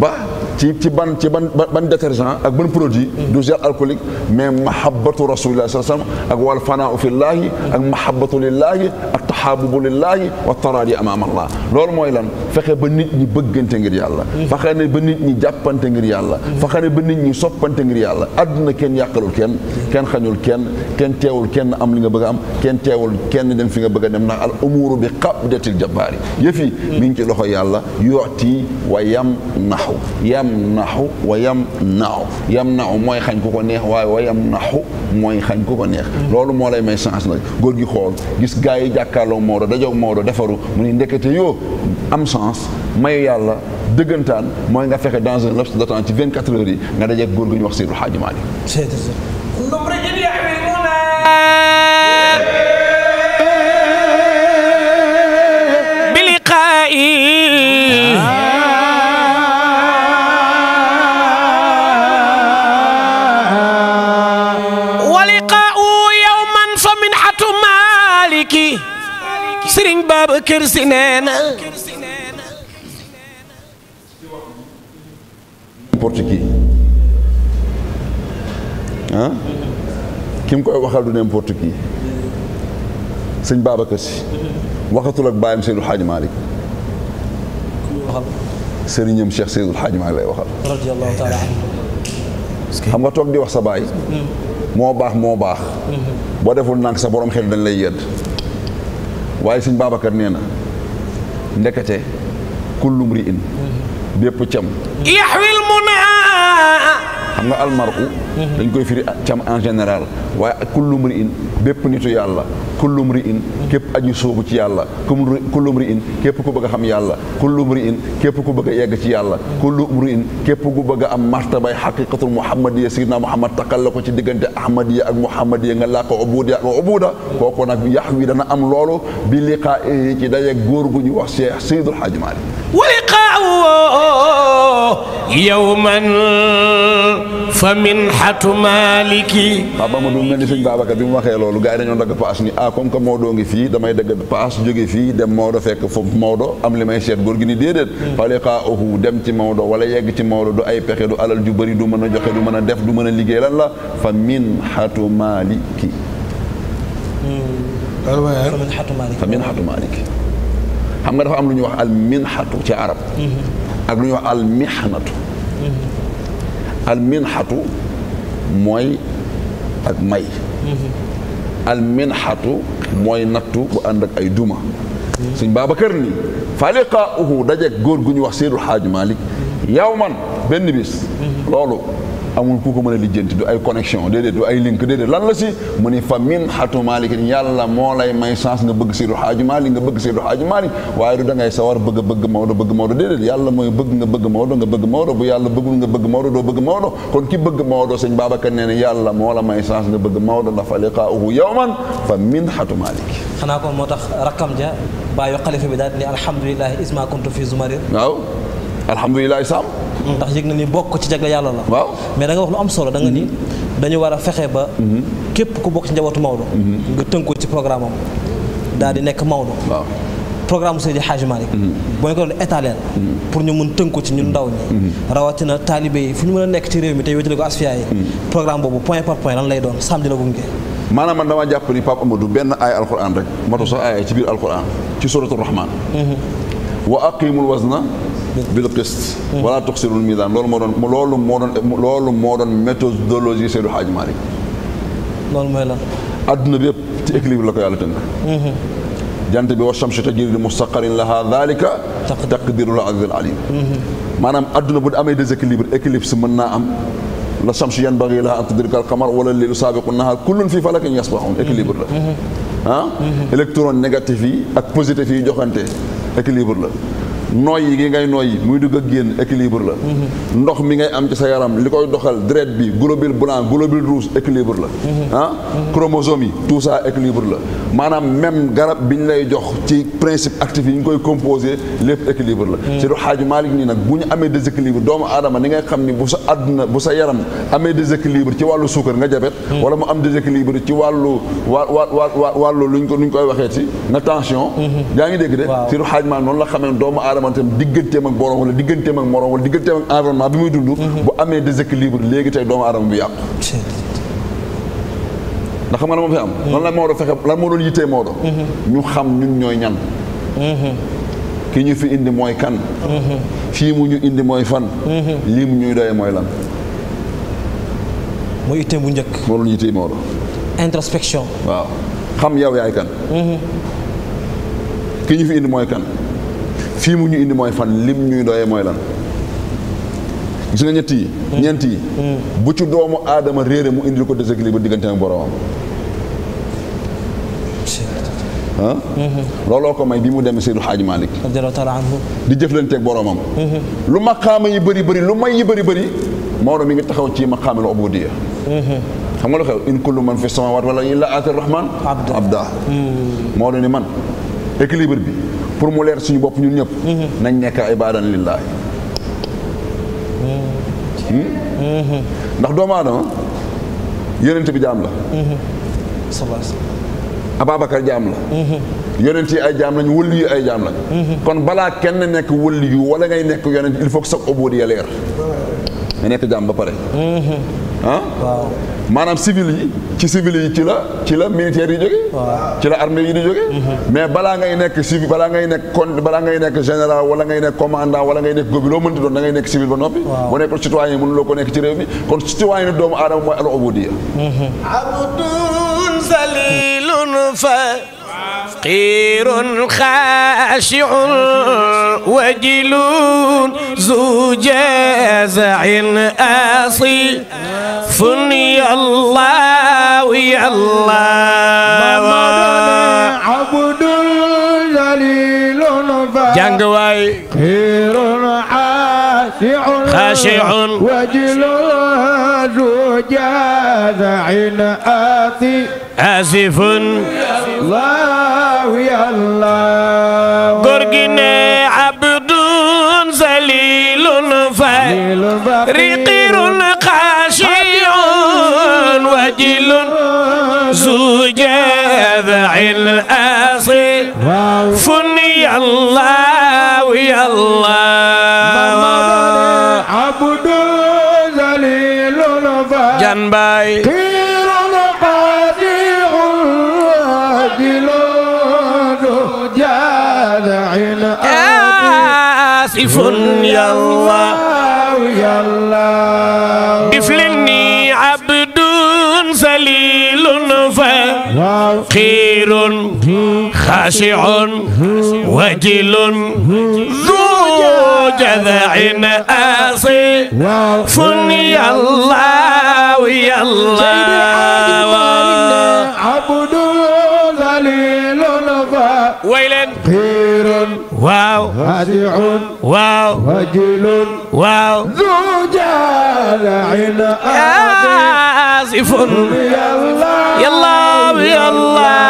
ba ci ci ban ci ban ban détergent ak ban produit du gel alcoolique mais mahabbatu rasulillahi sallallahu alayhi wasallam ak wal fanaa fillahi ak mahabbatu lillahi ak tahabubu lillahi wa taradi amama allah loolu mooy lan fexe ba nit ñi bëggante ngir yàlla fexe ne ba nit ñi jàppante ngir yàlla fexe ne ba nit ñi soppante ngir yàlla àdduna kenn yàqalul kenn kenn xañul kenn kenn teewul kenn am li nga bëgg a am kenn teewul kenn dem fi nga bëgg a dem ndax al umuru bi qabdatil jabbaari yëf yi mi ngi ci loxo yàlla yooti wa yam naxu yam yamnaxu wa yamnaaw yamnaaw mooy xañ ku ko neex waaye wa yamnaxu mooy xañ ku ko neex loolu moo lay may chance na góor gi xool gis gaa yi jàkkaarloo Maodo dajoog Maodo defaru mu ni ndekete yoo am chance mayu yàlla dëggantaan mooy nga fexe dans un laps de temps ci 24 heures yi nga dajeeg góor gi ñu wax Seydou Hadji Malick kërsi nee na n'importe qui ah ki mu koy waxal du n'importe qui sëñ Babacar Si waxatul ak bàyyam Seydul Xaaj Maalik sëriñam Cheikh Seydul Xaaj Maalik lay waxal radiyallahu taala xam nga toog di wax sa baay hmm. moo baax moo baax hmm. boo deful nànk sa borom xel dañ lay yedd waaye sëñ Babacar nee na ndekete kullum ri in bépp cam xam nga al marqu mhm. dañ koy firi cam en général waaye kullu mri in bépp nitu yàlla ya kullu mri in képp aju soobu ci yàlla ya kullu mri in képp ku bëgg a xam yàlla kullu mri in ku bëgg yegg ci yàlla ya kullu mri in ku bëgg am martabay xaqiqatul muhammadiya sayidina muhammad takal la ko ci diggante ahmadiya ak muhammadiya nga laa ko ak ubuuda kooku nag yax dana am loolu bi liqaa ci dayeg góor gu ñu wax cheikh seydul xaaj wa liqaa yawman fa minhatu maliki Pape Amadou mel ni sëñ Babacar bi mu waxee loolu gars yi dañoo dagg paas ni ah comme que Maodo ngi fii damay dagg paas jóge fii dem Maodo fekk foofu Maodo am li may seet góor gi ni déedéet hmm. faliqaa ohu dem ci Maodo wala yegg ci Maodo du ay pexe du alal ju bëri du mën a joxe du mën a def du mën a liggéey lan la fa minhatu maliki hmm. fa minhatu maliki xam nga dafa am lu ñuy wax al minhatu ci arab hmm. ak lu ñuy wax almihnatu mm-hmm. alminhatu mooy ak may mm-hmm. alminhatu mooy nattu bu ànd ak ay duma mm-hmm. suñ Babacar ni fa liqaauhu dajek góor gu ñu wax Seydul Xaaj Malik yow man benn bis loolu amu ku ko mën a lijjanti du ay connexion déedéet du ay link déedéet lan la si mu ni fa min xatu maalikin yàlla moo lay may nga bëgg si Hadji Malick nga bëgg waaye du da sawar bëgg bëgg Maodo bëgg Maodo déedéet yàlla mooy bëgg nga bëgg Maodo nga bëgg Maodo bu yàlla nga bëgg Maodo doo bëgg Maodo kon ki bëgg Maodo sëñ Babacar nee na yàlla moo la may chance nga bëgg Maodo ndax fa liqaa'uhu yawman fa min xatu maalik xanaa ko moo tax rakkam ja bàyyi xalifa bi daal ni alhamdulilah isma kuntu fi zumarir waaw alhamdulilah Sam. ndax yëg na ni bokk ci jagle yàlla la. waaw mais da wax lu am solo da nga dañu war a fexe ba. Mhm. képp ku bokk ci njabootu Maodo. Mhm. nga tënkoo ci programme am daal di nekk Maodo. waaw programme Seydi Hadji Malick. Mhm. boo ñu ko doon étaler pour ñu mun tënku ci ñun ndaw ñi. rawatina taalibe yi fu ñu mën a nekk ci réew mi tey wéetale ko asfiya yi. programme boobu point par point lan lay doon Sam dina gunge. maanaam man damaa jàpp ni Pape Amadou benn aaya alquran rek moo tax sax aaya ci biir alquran ci suratul rahman wa aqimul bi lëpp test wala tuxsirul mizan loolu moo doon loolu moo doon loolu moo doon méthodologie Seydou Hadj Malick loolu mooy la adduna bi yëpp ci équilibre la ko yàlla tënk mm-hmm. jant bi wa shamsu tajri li mustaqarin laha dhalika taqdirul azizul alim mm-hmm. maanaam adduna bu amee déséquilibre éclipse mën naa am la shamsu yanbaghi laha an tudrika al qamar wala lilu saabiqu nahar kullun fii falakin yasbahun équilibre la mm-hmm. ah électron négatif yi ak positif yi joxante équilibre la noyyi gi ngay noyyi muy dugg ak génn équilibre la mhm. ndox mi ngay am ci sa yaram li koy doxal deret bi globule blanc globule rouge équilibre la mhm. Mhm. ah chromosome yi tout ça équilibre la maanaam même garab bi ñu lay jox ci principe actif yi ñu koy composé lépp équilibre la ci du xaaju Maalik nii nag bu ñu amee déséquilibre doomu aadama ni ngay xam ni bu sa àdduna bu sa yaram amee déséquilibre ci wàllu suukar nga jabet wala mu am déséquilibre ci wàllu wa wa wàllu luñ ko luñ ci nga xamante ne digganteem ak borom wala digganteem ak morom wala digganteem ak environnement bi muy dund. Mhm. bu amee déséquilibre léegi tey doomu aadama bi yàqu. ndax xam nga la ma fi am. Mhm. lan la Maodo fexe lan moo doon yittee Maodo. Mhm. ñu xam ñun ñooy ñan. ki ñu fi indi mooy kan. fii mu ñu indi mooy fan. lii mu ñuy doyee mooy lan. mooy yittee bu njëkk. moo doon yittee Maodo. introspection. waaw xam yow yaay kan. ki ñu fi indi mooy kan. fii mu ñu indi mooy fan lim ñuy doyee mooy lan gis nga ñett yi ñeent yi mm. bu ci doomu aadama réere mu indil ko déséquilibre diggante ak boroomam ah? mm-hmm. looloo ko may bi mu demee Seydou Hadj Malick di jëflanteeg boroomam mm-hmm. lu maqaama yi bëri bari lu may yi bari bëri Maodo mi ngi taxaw ci maqaamil ubudiyya mm-hmm. xam nga lu xew in kullu man fi samawat wala illa ati rahman abda mm. Maodo ni man équilibre bi pour mu leer suñu bopp ñun ñëpp. Mm-hmm. nañ nekk ay baadan lillahi mm-hmm. hmm? ndax doomu aadama yonent bi jaam la. Mm-hmm. Ababacar jaam la. yonent yi ay jaam lañ wëllu ay jaam lañ. kon balaa kenn nekk wëllu yu ngay nekk yonent il faut sa oboodi ya leer. nga nekk jaam ba pare. ah maanaam civil yi ci civil yi ci la ci la militaire yi jóge ci la armée yi di jóge mhm. mais balaa ngay nekk civil balaa ngay nekk général wala ngay nekk commandant wala ngay nekk gobi loo mënti doon da nekk civil ba noppi boo nekkul citoyen mënu loo ko nekk ci réew mi kon citoyen doomu aadama mooy al ubudiya mhm. abdun فقير خاشع وجل ذو جزع اصيل فني الله ويا الله عبد جليل جنقواي خير خاشع وجل ذو جزع اصيل asif allah ya allah góor gi ne abdun zalilun fariqirun xaashiyun wajilun zu jad'il asif fun ya allah ya allah abdun zalilun janbay فن يا الله يا الله دفلني عبد سليل فقير خاشع وجل ذو جذع آصف يا الله يا الله عبد ذليل فقير waaw hadiun waaw wajilun waaw zujala'in asifun yalla yalla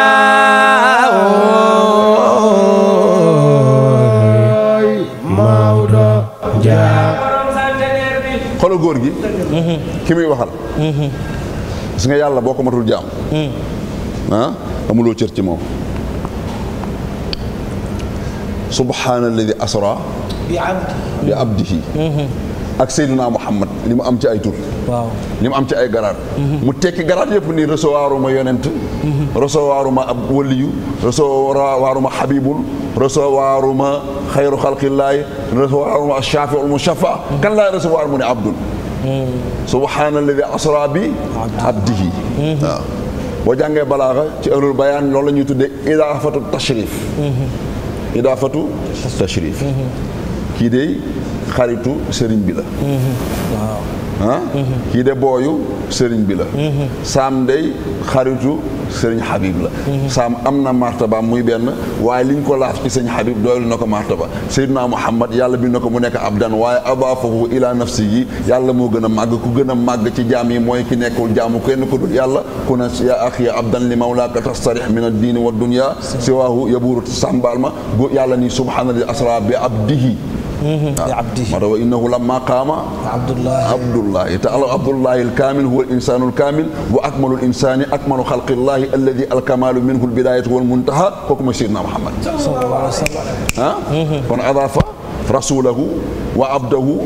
mawdo ja xoolal góor gi mm-hmm. ki waxal mm-hmm. gis nga yàlla boo ko matul jaam mm-hmm. ah amuloo cër ci moom سبحان الذي اسرى بعبده ak sayyidina Muhammad li mu am ci ay tour waaw li mu am ci ay garar mu tekki garar yëpp ni recevoir yonent recevoir ab waliyu recevoir habibul xabibul recevoir ma xayru xalqillaay recevoir ma mushafa kan la recevoir mu ne abdul subhaana alladi asra bi abdihi wa jange balagha ci ahlul bayan lolou lañuy tuddé tuddee idaafatu tashrif idaafatu tashrif mm-hmm. kii dey xaritu sëriñ bi la mm-hmm. waaw ah kii de booyu sëriñ bi la mm-hmm. saam day xaritu sëriñ Habib la mm-hmm. saam am na martaba muy benn waaye liñ ko laaf ci sëñ Habib doylu na ko martaba Seydina Muhammad yàlla bi na ko mu nekk abdan waaye abaafahu ila nafsi yi yàlla moo gën a màgg ku gën a màgg ci jaam yi mooy ki nekkul jaamu kenn ku dul yàlla ku na ya axi abdan li mawlaaka tastarix min addiini wa dunya siwaahu yabuuru sàmbaal ma yàlla ni subhaana li asra bi abdihi لعبده الله وإنه لما قام عبد الله عبد الله تعالى عبد الله الكامل هو الإنسان الكامل وأكمل الإنسان أكمل خلق الله الذي الكمال منه البداية والمنتهى حكم سيدنا محمد صلى الله عليه وسلم ها؟ فنعرف rasulahu wa abdahu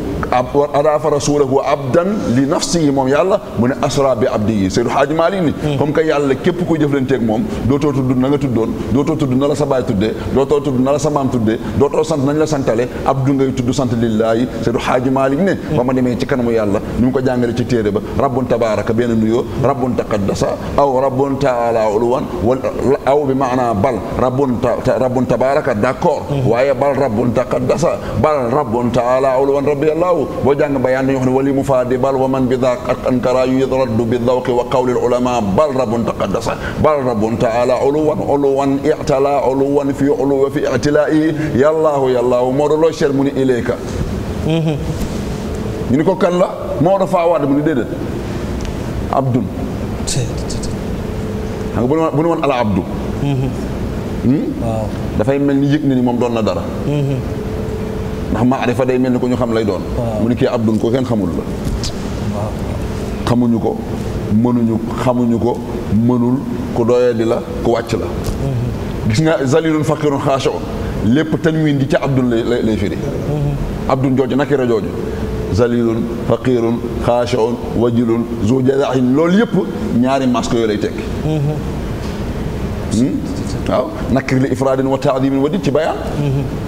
arafa rasulahu wa abdan li nafsihi moom yàlla mu ne asra bi abdihi Seydu Xaaji Maalik ni hmm. comme que yàlla képp kuy jëflanteeg moom dootoo tudd na nga tuddoon dootoo tudd na la sa baay tuddee dootoo tudd na la sa maam tuddee dootoo sant nañ la santale abdu ngay tudd sant lillaahi Seydu Xaaji Maalik ne ba ma demee ci kanamu yàlla ni mu ko jàngale ci téere ba rabbun tabaraka benn nuyoo rabbun taqaddasa aw rabbun taala uluwan wal aw bi maanaa bal rabbun rabbun tabaraka d'accord hmm. waaye bal rabbun taqaddasa bal rabbun taala uluwan rabbi allahu boo jàng bayaan dañuy wax ne wali mu faadi bal wa man bi daaq ak ankara yudraddu bi dawqi wa qawli ulama bal rabbun taqaddasa bal rabbun taala uluwan uluwan i'tala uluwan fi ulu wa fi i'tilai yallaahu yallaahu moo do loo cher mu ni ilayka mm-hmm. ñu ni ko kan la moo do faa waat mu ni déedéet abdun xam nga bu ne bu ne woon ala abdu mm-hmm. hmm? dafay mel ni yëg na ni moom doon na dara mm-hmm. ndax ma maarifa day mel ni ko ñu xam lay doon mu ni kii abdun ko kenn xamul la xamuñu ko mënuñu xamuñu ko mënul ku doyadi la ku wàcc la mm-hmm. gis nga zalilun faqirun xaasho lépp tanwin di ca abdun lay lay firi mm-hmm. abdun jooju nakira jooju zalilun faqirun xaashoon wajilun zu jadahin loolu ñaari masque yooyu lay tekki mm-hmm. نكر لإفراد وتعظيم ودد بيان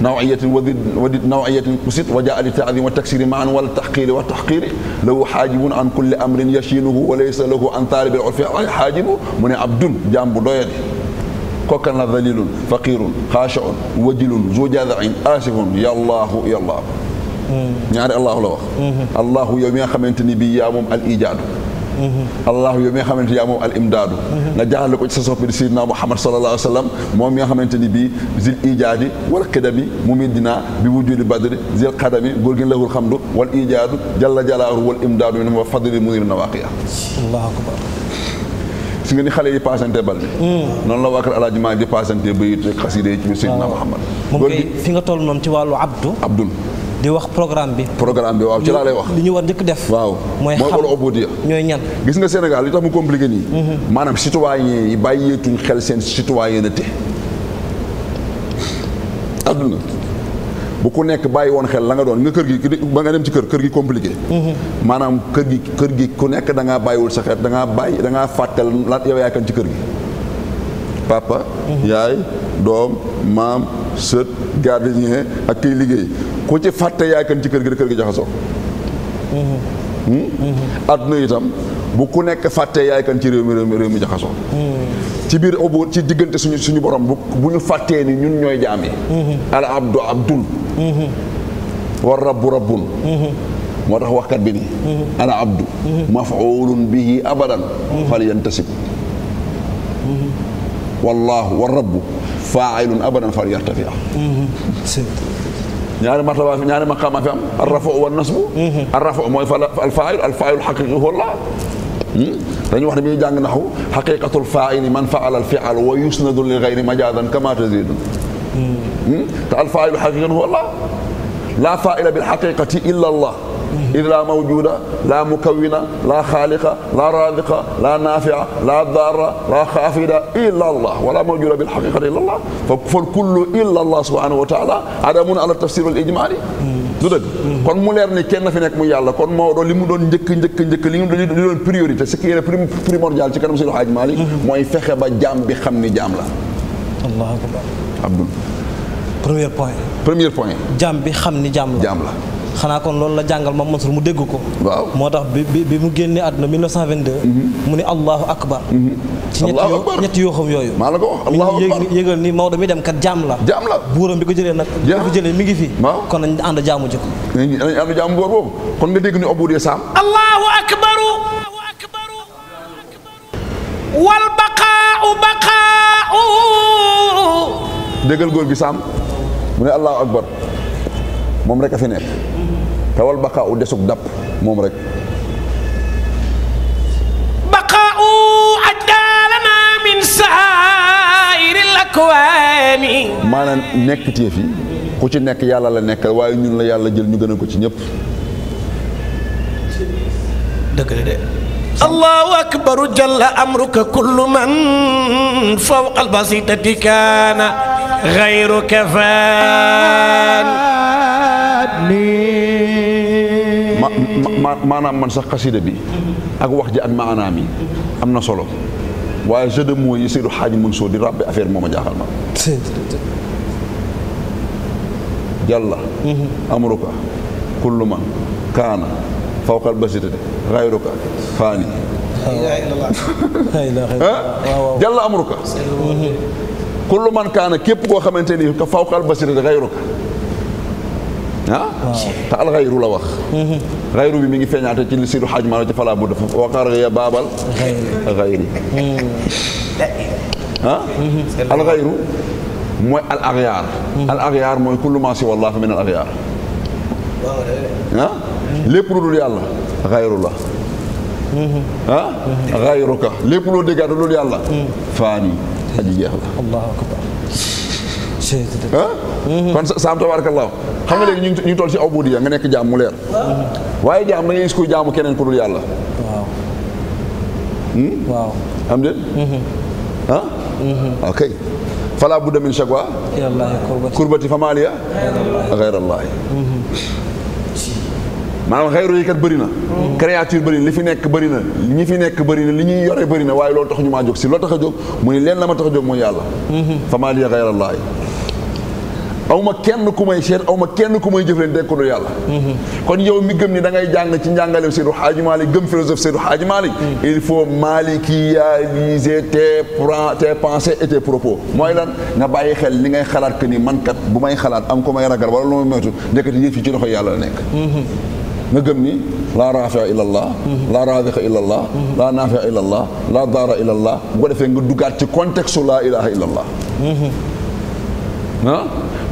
نوعية ودد, ودد نوعية كسد وجاء لتعظيم وتكسير معا والتحقير والتحقير له حاجب عن كل أمر يشينه وليس له عن طالب العرف حاجب من عبد جنب دويد كوكنا ذليل فقير خاشع وجل ذو جذع آسف يا الله يا الله يعني الله الله الله يوم يخمنتني mi الإيجاد allahu yow mi nga xamante yaa moom al imdaadu nga jaarale ko sa soppi di sayyidina muhammad mi nga xamante ni bii zil ijaadi wal qidami mu mit dinaa bi wujudi badri zil qadami góor gi lahul xamdu wal ijaadu jalla jalaaru wal wa fadli munir nawaqiya allahu akbar si nga ni xale yi paasante bal bi hmm. la waakar alaaji maa di nga toll noonu ci wàllu abdu di wax programme bi programme bi waaw ci laa lay wax li ñu war njëkk def waaw mooy xam obudiya ñooy ñan gis nga Sénégal li tax mu compliqué nii mhm. maanaam citoyen yi bàyyeetuñ xel seen citoyenneté aduna bu ku nekk komplik woon xel la nga doon nga kër gi ba nga dem ci kër kër gi compliqué mhm. kër gi kër gi ku da sa da da la yow kan ci kër gi papa yaay doom maam sët gardien ak kiy liggéey ku ci fàtte yaay kan ci kër gi kër gi jaxasoo hmm? adduna itam bu ku nekk fàtte yaay kan ci réew mi réew mi réew mi jaxasoo hmm. ci biir obu ci diggante suñu suñu borom bu ñu fàttee ni ñun ñooy jaam yi hmm. abdu abdun war rabbu rabbun moo tax waxkat bi ni ana abdu mafaulun bihi abadan fal yantasib والله والرب فاعل ابدا فليرتفع. يعني مرتبه يعني مقام فهم الرفع والنصب الرفع الفاعل الفاعل الحقيقي هو الله لان واحد بيجي نحو حقيقه الفاعل من فعل الفعل ويسند لغير مجازا كما تزيد الفاعل الحقيقي هو الله لا فاعل بالحقيقه الا الله إذ لا موجودة لا مكونة لا خالقة لا رازقة لا نافعة لا ضارة لا خافدة إلا الله ولا موجودة بالحقيقة إلا الله فالكل إلا الله سبحانه وتعالى هذا من على التفسير الإجمالي du dëgg kon mu leer ni kenn fi nekk mu yàlla kon moo doon li mu doon njëkk njëkk njëkk li mu doon priorité ce qui est primordial ci kanam Seydi Hadji Malick mooy fexe ba jaam bi xam ni jaam la allahu akbar Abdoul premier point premier point jaam bi xam ni jaam la jaam la xanaa kon loolu la jàngal Mame Mansour mu dégg ko. waaw moo tax bi bi bi mu génnee àdduna 1922. Mm-hmm. mu ne Allahu akbar. Mm-hmm. ci ñetti yoo ñetti yoo xam yooyu. maa la ko wax Allahu akbar mi kat jaam la. jaam la buuram bi ko jëlee nag. jaam ko jëlee mi ngi fi. waaw kon nañu ànd jaamu ji ko. nañu ànd jaamu boor boobu kon nga dégg ni Obudie Sam. Allahu akbaru. wal baqaau baqaau. déggal góor gi Sam mu ne Allahu akbar. moom rek a fi nekk te wal baqaa u desug moom rek baqaa u ajdaalana min saa'iril akwaani maanaam nekk téef yi ku ci nekk yàlla la nekkal waaye ñun la yàlla jël ñu gën a ko ci ñëpp dëgg la de allahu akbaru jalla man fawqa albasitati kaana gayru kafaan amiin ma maanaam man sax xasida bi ak wax ji ak maanaam yi am na solo waaye jeu de mots yi Seydou Hadj Mansour di ràbbe affaire moom a jaaxal ma yàlla mhm. amruka kullu man kaana fawqal basitati xayruka faani yàlla amruka kullu man kaana képp koo xamante ni fawqal basitati xayruka ah te alxayru la wax xayru mhm. bi mi ngi feeñaate ci li sidu xaaj maa la ci falaa bu dafa waqar ya baabal xayri mhm. ah mhm. alxayru mooy al axyaar al axyaar mooy kullu maa si wallah fa min al axyaar ah lépp lu dul yàlla xayru la ah xayruka lépp loo déggaat dul yàlla faani aji jeex la allahu akbar ah kon saam tabarakallahu xam nga léegi ñu ngi toll si aw buudi ya nga nekk jaam mu leer waaye jaam da ngay gis kuy jaamu keneen ku dul yàlla waaw hmm? am déet ah ok fala budda min shaqwa kurbati famaliya xeyrallaahi mm-hmm. maanaam xayru yi kat bëri na créature bëri li fi nekk bëri na ñi fi nekk bëri li ñuy yore bëri na waaye loolu tax ñu maa jóg si loolu tax a jóg mu ni leen la ma tax a mooy yàlla famaliya xeyrallaahi aw ma kenn ku may seet aw ma kenn ku may jëfël ku lu yàlla kon yow mi gëm ni da ngay jàng ci njàngalew Seydou Hadji malik gëm philosophe Seydou Hadji malik il faut malikiyaliser tes tes pensées et tes propos mooy lan nga bàyyi xel li ngay xalaat que ni man kat bu may xalaat am ko may ragal wala lu may moytu ndekete yëf yi ci loxo yàlla la nekk nga gëm ni la raafia illa allah la raziqa illa allah la naafia illa allah la dara illa allah bu ko defee nga duggaat ci contexte la ilaha illa allah ah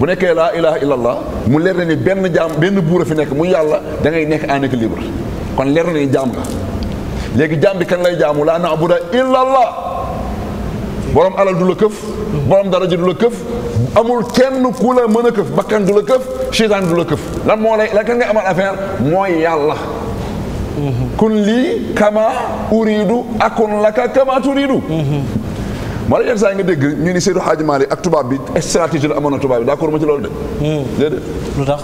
bu nekkee laa ilaha illallah mu leer na ni benn jaam benn buur a fi nekk muy yàlla da ngay nekk en équilibre kon leer na ni jaam nga jaam bi kan lay jaamu laa naabuda illallah borom alal du la këf borom daraja du la këf amul kenn ku la mën a këf bakkan du la këf seytaan du la këf lan moo lay lan kan ngay amal affaire mooy yàlla mhm. kun lii kama uridu akun laka kama turidu mhm. moo la yenn saa yi nga dégg ñu ni Seydou Hadji Malick ak tubaab bi stratégie la amoon na tubaab bi d'accord ma ci loolu de hmm. déedéet lu tax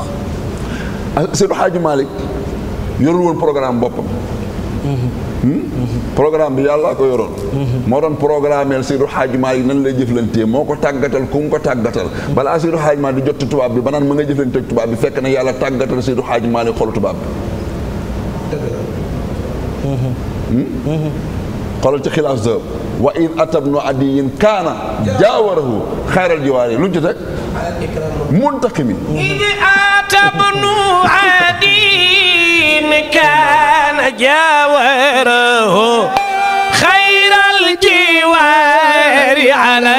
ah, Seydou Hadji Malick yorul woon programme boppam hmm. Hmm? programme bi yàlla ko yoroon moo doon programmeel Seydou Hadji Malick nan lay jëflantee moo ko tàggatal ku ko tàggatal balaa Seydou Hadji Malick di jot tubaab bi ba naan ma nga jëflante ak tubaab bi fekk na yàlla tàggatal Seydou Hadji Malick xolu tubaab bi قالوا تي خلاف وان اتى ابن عدي كان جاوره خير الجوار لنجتك منتقم اذا اتى ابن عدي كان جاوره خير الجوار على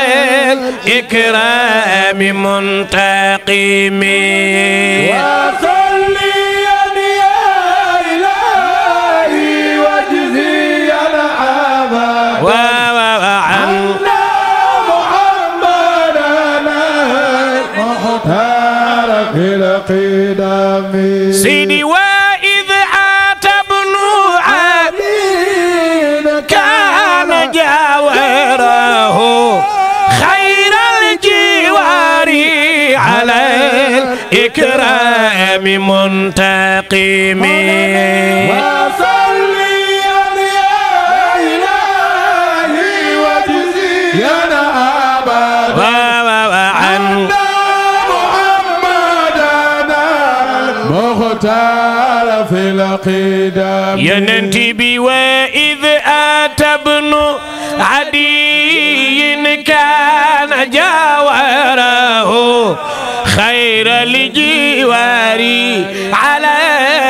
الاكرام منتقم وصف الكرام منتقم وصلي يا إلهي وعن مختار في القدم بي وإذ أتى ابن عدي كان جاوره خير الجوار على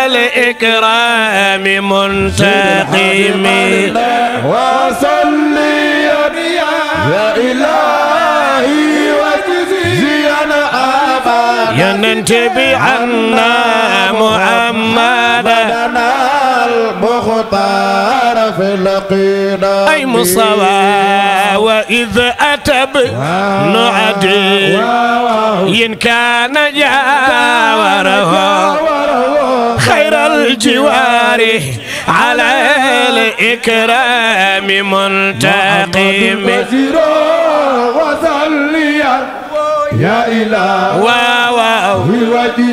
الإكرام منتقم وصلي يا إلهي وتزينا أبا ينتبه عنا محمد فلقينا أي مصوى وإذ أتى بنعدي آه، آه، آه، إن كان جاوره خير الجوار على الإكرام منتقم يا إله في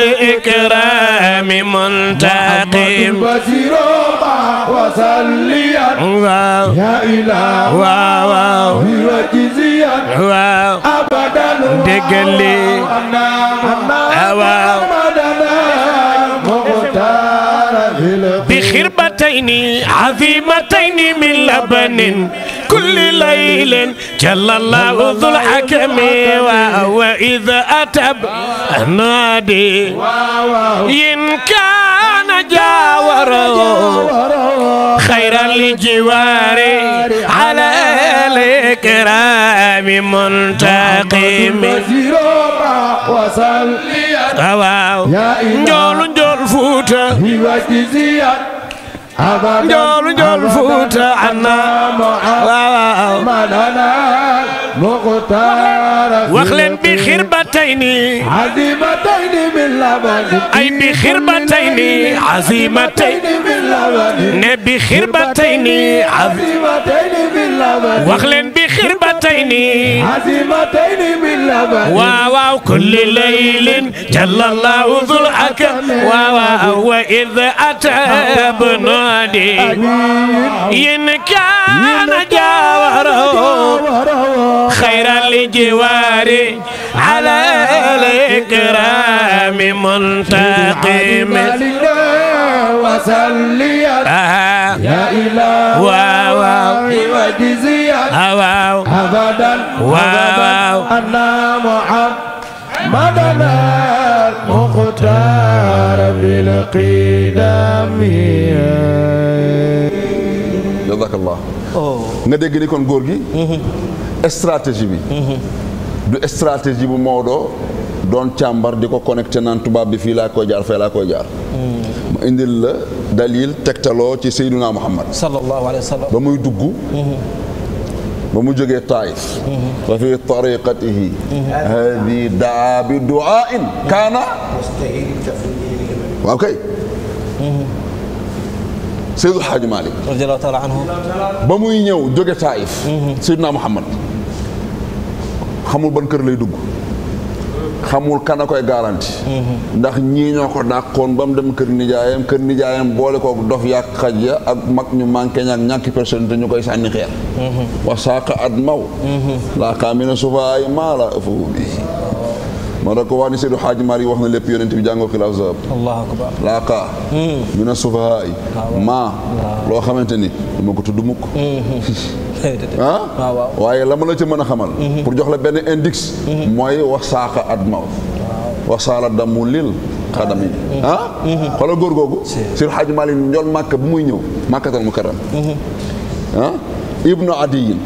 الإكرام منتقم وسليا يا إله أبدا آه، بخربتين عظيمتين من لبن كل ليل جل الله ذو الحكم وإذا أتى نادي إن كان جاوره خير الجوار على الإكرام منتقم وصل يا إله جول جول فوت njool njool fuuta anna waaw مختار وخلن بخير بتيني عزيمتين من لبني اي بخير بتيني عزيمتين من لبني نبي خير بتيني عزيمتين من لبني وخلن بخير بتيني عزيمتين من لبني واو كل ليل جل الله ذو الحكم واو واو اتى بنادي ينكا انا خيرا لجواري على الإكرام منتقم وسلي آه. يا إله وجزية آه، أبدا أبدا أنا محمدنا المختار بالقدم tabarakallah oh. nga dégg ni kon góor gi mm-hmm. bi mm-hmm. du stratégie bu Maodo doon càmbar di ko connecté naan tubaab bi fii laa koy jaar fee laa koy jaar mm. ma indil dalil tegtaloo ci Seyduna Muhammad sallallahu ba muy dugg mm-hmm. ba mu jógee Taayif fa fi tariqatihi hadi daa bi duaa kaana waaw kay Seydou Hadj Malick radiyallahu ba muy ñëw jóge Taif mhm. Seydina Muhammad xamul ban kër lay dugg xamul kan a koy garanti mhm. ndax ñii ko dàqoon ba mu dem kër nijaayam kër nijaayam boole kook dof yàq xaj ya ak mag ñu manqué ñaak ñàkki personne te ñu koy sànni xeer mhm. wa at maw laa kaa mi ne sufaay maa la ëffu bi moo tax ko waa ni Seydou Hadj Mari wax na lépp yonent bi jàngoo xilaaf zahab allahu akbar hmm. min asufahaa yi maa loo xamante ni dama ko tudd mukk hmm. ah? waaye la ma la ci mën a xamal hmm. pour jox la benn indice mooy wax saaqa ad maw wax saala damu lil xadam yi ah xoolal góor googu Seydou Hadj Mari njool màkk bu muy ñëw màkkatal mu karam ah? ibnu adiyin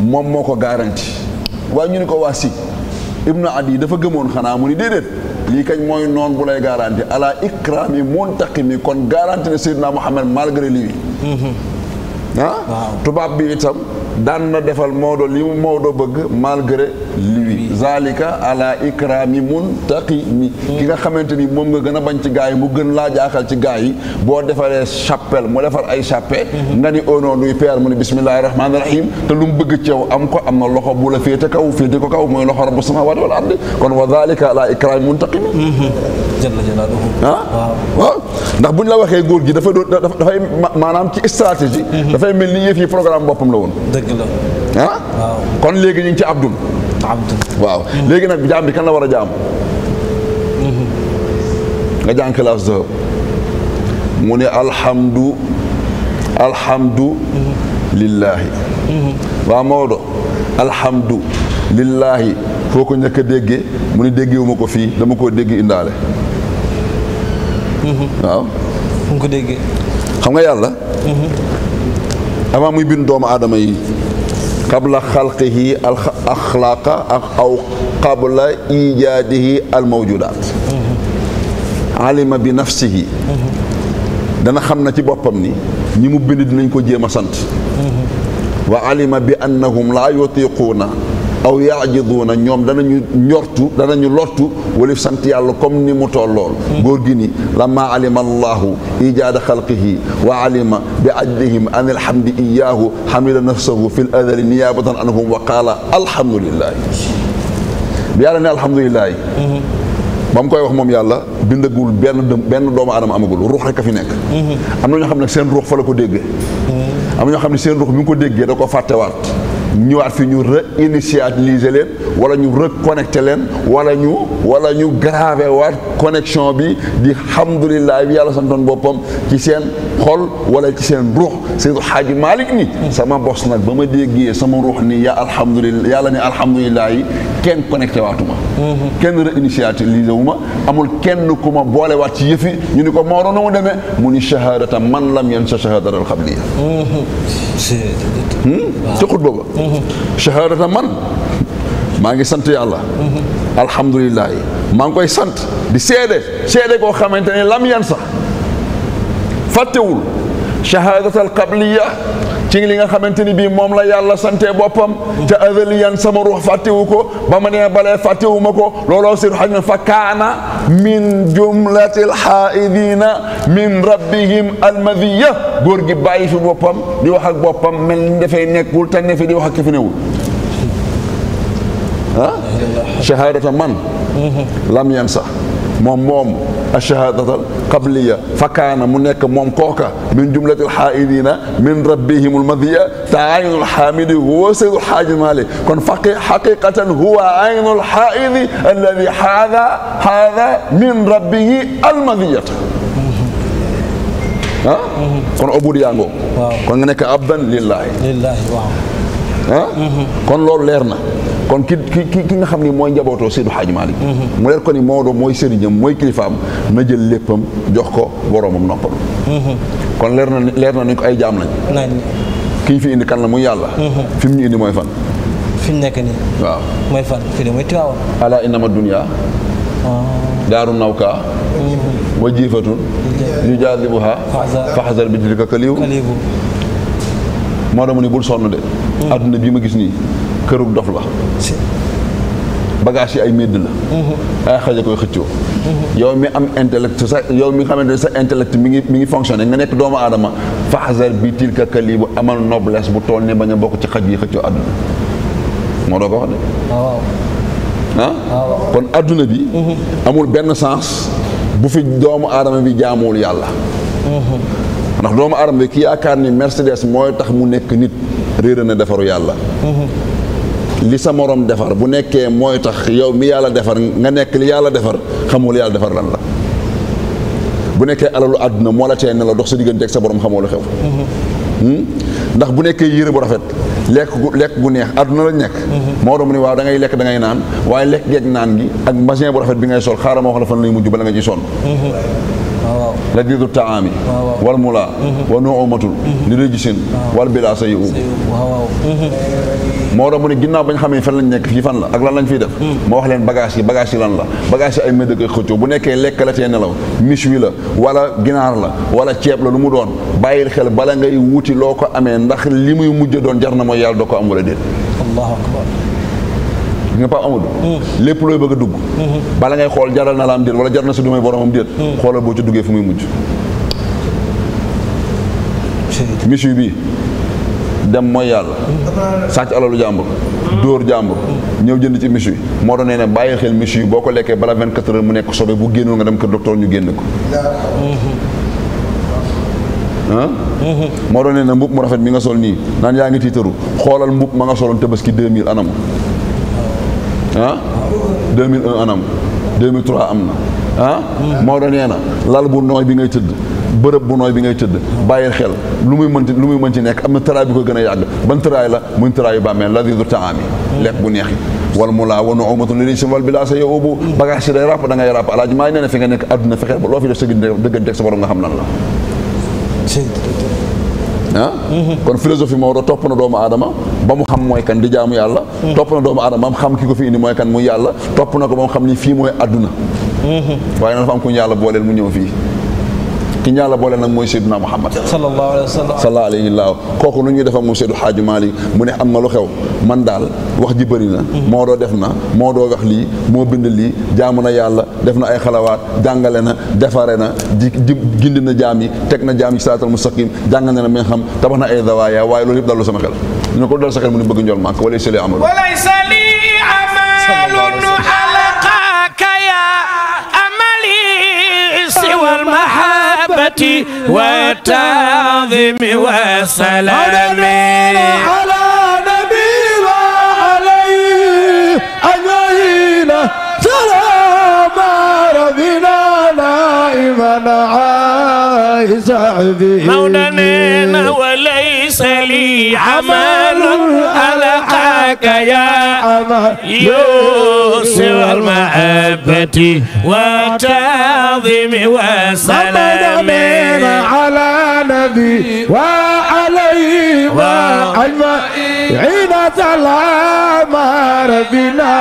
moom moo ko garanti waaye ñu ni ko waa si ibnu adi dafa gëmoon xanaa mu ni déedéet lii kañ mooy noon bu lay garanti ala ikrami muntaqimi kon garanti ne Seydina Muhammad malgré lui mhm. ah tubaab bi itam daan na defal Maodo li mu Maodo bëgg malgré lui zalika ala ikrami mun taqi mi ki nga xamante ni moom nga gën a bañ ci gaa yi mu gën laa jaaxal ci gaa yi boo defaree chapelle moo defar ay chapelle nga ni au nom du père mu ne bismillahi rahmaani rahim te lu mu bëgg ci am ko am na loxo bu la féete kaw féete ko kaw mooy loxo rabbu samawati wal ardi kon wa zalika ala ikrami mun taqi mi mhm. jalla jalaluhu ah? ndax bu ñu la waxee góor gi dafa doon dafay maanaam ci stratégie. Mhm. dafay mel ni yëf fi programme boppam la woon. dëgg la kon léegi ñu ci Abdul. Abdul waaw mhm. léegi nag jaam bi kan la war a jaam. Mhm. nga jàng classe mu ne alhamdu alhamdu lillahi waa Maodo alhamdu lillahi foo ko njëkk a mu ne déggewu ko fii dama koo dégg indaale waaw. mu ko déggee. xam nga yàlla. Mhm. avant muy bind doomu aadama yi. qabla xalqihi al axlaaqa ak aw qabla ijaadihi al mawjudaat. Mhm. bi nafsihi mhm. dana xam na ci boppam ni ñi mu bind dinañ ko jéem a sant. wa alima bi annahum laa yutiquuna aw yaajiduuna ñoom danañu ñortu danañu lottu walif sant yàlla comme ni mu tollool góor gi ni lamma alima allahu wa alima bi ajdihim an alhamdi iyaahu xamida nafsahu fi l adali niyabatan anhum wa qaala alhamdulilahi bi yàlla ne alhamdulilahi mm-hmm. ba mu koy wax moom yàlla bindagul benn benn doomu aadama amagul ruux rek a fi nekk mm-hmm. am na ñoo xam ne seen ruux fa la ko déggee mm-hmm. am na ñoo xam ne seen ruux mi ngi ko déggee da ko ñëwaat fi ñu réinitialiser leen wala ñu reconnecter leen wala ñu wala ñu graver waat connexion bi di alhamdulilah bi yàlla santone bopam ci sen xol wala ci sen ruh seydou Xaaji malik ni sama boss nak bama déggé sama ruh ni ya alhamdulilah yàlla ni alhamdulilah ken kenn connecté waatuma kenn réinitialisé wu amul kenn ku ma boole waat ci yëfi ñu ni ko mooroon na mu demee mu ni man lam yan shahadatan al qabliya ci xut booba shahadata man maa ngi sant yàlla alhamdulilah maa ngi koy sant di seede seede koo xamante ne lam yan sax fàttewul shahadatal qabliya ci li nga xamante ni bii moom la yàlla sante boppam te azaliyan sama ruux fàttewu ko ba ma nee balee fàttewu ma ko looloo sir xaj na fa kaana min jumlati alxaidina min rabbihim almadiya góor gi bàyyi fi boppam di wax ak boppam mel ni dafay nekkul te ne fi di wax ak ki fi newul ah. man mm-hmm. lam yansa moom moom ash-shahadata qabliya fa kaana mu nekk moom kooka min jumlati alxaaidina min rabbihim almadiya te aynu alxaamidi huwa saydu alxaaji maali kon faqi xaqiqatan huwa aynu alxaaidi alladi xaada xaada min rabbihi almadiyata ah kon obudiyaa ngoo kon nga nekk abdan lillahi lillahi waaw ah kon loolu leer na kon ki nga xam ni mooy njabootoo Seydi Hadji Malick mhm. mu leer ko ni Maodo mooy sëriñam mooy kilifaam na jël léppam jox ko boroomam noppal mhm. kon leer na leer na ni ko ay jaam lañ kii fi indi kan la muy yàlla mhm. fi mu ñu mooy fan fi nekk nii waaw mooy fan fii de mooy Tiwaawan ala innama dunya ah. daaru nawkaa wa jiifatun yu jaalibuha faxasar bi kaliw moo dama ni bul sonn de adduna bi ma gis nii kërug dof la bagage yi ay médd la mm-hmm. ay xaja koy xëccoo mm-hmm. yow mi am intellect sax yow mi xamante ne sa intellect mi ngi mi ngi fonctionné nga nekk doomu aadama faxasar bi til ka kali bu amal noblesse bu tool ne bañ a bokk ci xaj yi xëccoo àdduna moo doo ko wax de ah, ah? Ah, kon àdduna bi mm-hmm. amul benn sens bu fi doomu aadama bi jaamuwul yàlla ndax doomu aadama bi kii yaakaar ni Mercedes mooy tax mu nekk nit réere na defaru yàlla li sa morom defar bu nekkee mooy tax yow mi yàlla defar nga nekk li yàlla defar xamoo li yàlla defar lan la bu nekkee alalu àdduna moo la tee ne la dox sa digganteeg sa borom xamoo lu xew mm-hmm. hmm? ndax bu nekkee yére bu rafet lekk gu lekk gu neex àdduna lañ nekk mm-hmm. moo doon mu ni waaw da lekk da ngay naan waaye lekk geeg naan gi ak machine bu rafet bi ngay sol xaaral ma wax la fan lay mujj bala nga ci sonn mm-hmm. ladiidu taami wal mulaa wa nuumatul li rijsin wal bilaa sa yi'u moo doon mu ne ginnaaw bañ xamee fan lañ nekk fii fan ak lan lañ fiy def moo wax leen bagage yi bagage yi lan la bagage yi ay bu nekkee lekk la tee nelaw mis la wala ginaar la wala ceeb la lu mu doon bàyyil xel bala ngay wuti loo ko amee ndax li muy mujj doon jar na mooy yàlla doo ko am wala déet nga Amud, Amadou hmm. lépp looy bëgg a dugg hmm. bala ngay xool jaral na la am déet wala jar na su dumay boromam déet hmm. xoolal boo ci duggee fu muy mujj monsieur bi dem mooy yàlla sàcc alalu jàmbur dóor jàmbur ñëw jënd ci michu yi moo doon nee xel michu bala 24 mu nekk sobe bu nga dem docteur ñu ko mbub mu rafet mi nga sol mbub ma nga 2000 anam ah 2001 anam 2003 am na moo ah. Maodo nee na lal bu nooy bi ngay tëdd bërëb bu nooy bi ngay tëdd bàyyil xel lu mu mën ci lu muy mën ci nekk am na tëraay bi ko gën a yàgg ban tëraay la muy tëraayu bàmmeel la di du taami lekk bu neexi wal mu laa wanu umatun li si wal bi laa sa yow bu bagage si a ràpp da ngay ràpp alaaji maa ngi nee fi nga nekk àdduna fexeel ba loo fi def sa diggante ak sa nga xam lan la ah kon philosophie Maodo topp na doomu aadama ba mu xam mooy kan di jaamu yàlla topp na doomu aadama ba mu xam ki ko fi indi mooy kan muy yàlla topp na ko ba mu xam ni fii mooy àdduna mm-hmm. waaye na dafa am ku ñu yàlla booleel mu ñëw fii ki ñaala boole nag mooy Seydina Muhammad sallallahu alayhi wa sallam sallallahu alayhi wa kooku nu ñuy defa mu Seydu Xaaju Maalik mu ne am na lu xew man daal wax ji bëri na moo doo def na moo doo wax lii moo bind lii jaamu na yàlla def na ay xalawaat jàngale na defare na ji gindi na jaam yi teg na jaam yi siraatal mustaqim jàngale na mi nga xam tabax na ay dawaaya waaye loolu yëpp dalu sama xel ñu ko dal sa xel mu ne bëgg njool mànk wala sali amalu والمحا الصلاة والتعظيم والسلام على نبينا عليه أجمعين سلام ربنا نائما عائزة مولانا وليس لي عمل لك يا يوسف المحبة والتعظيم وسلام على نبي وعليه وأجمعين سلام ربنا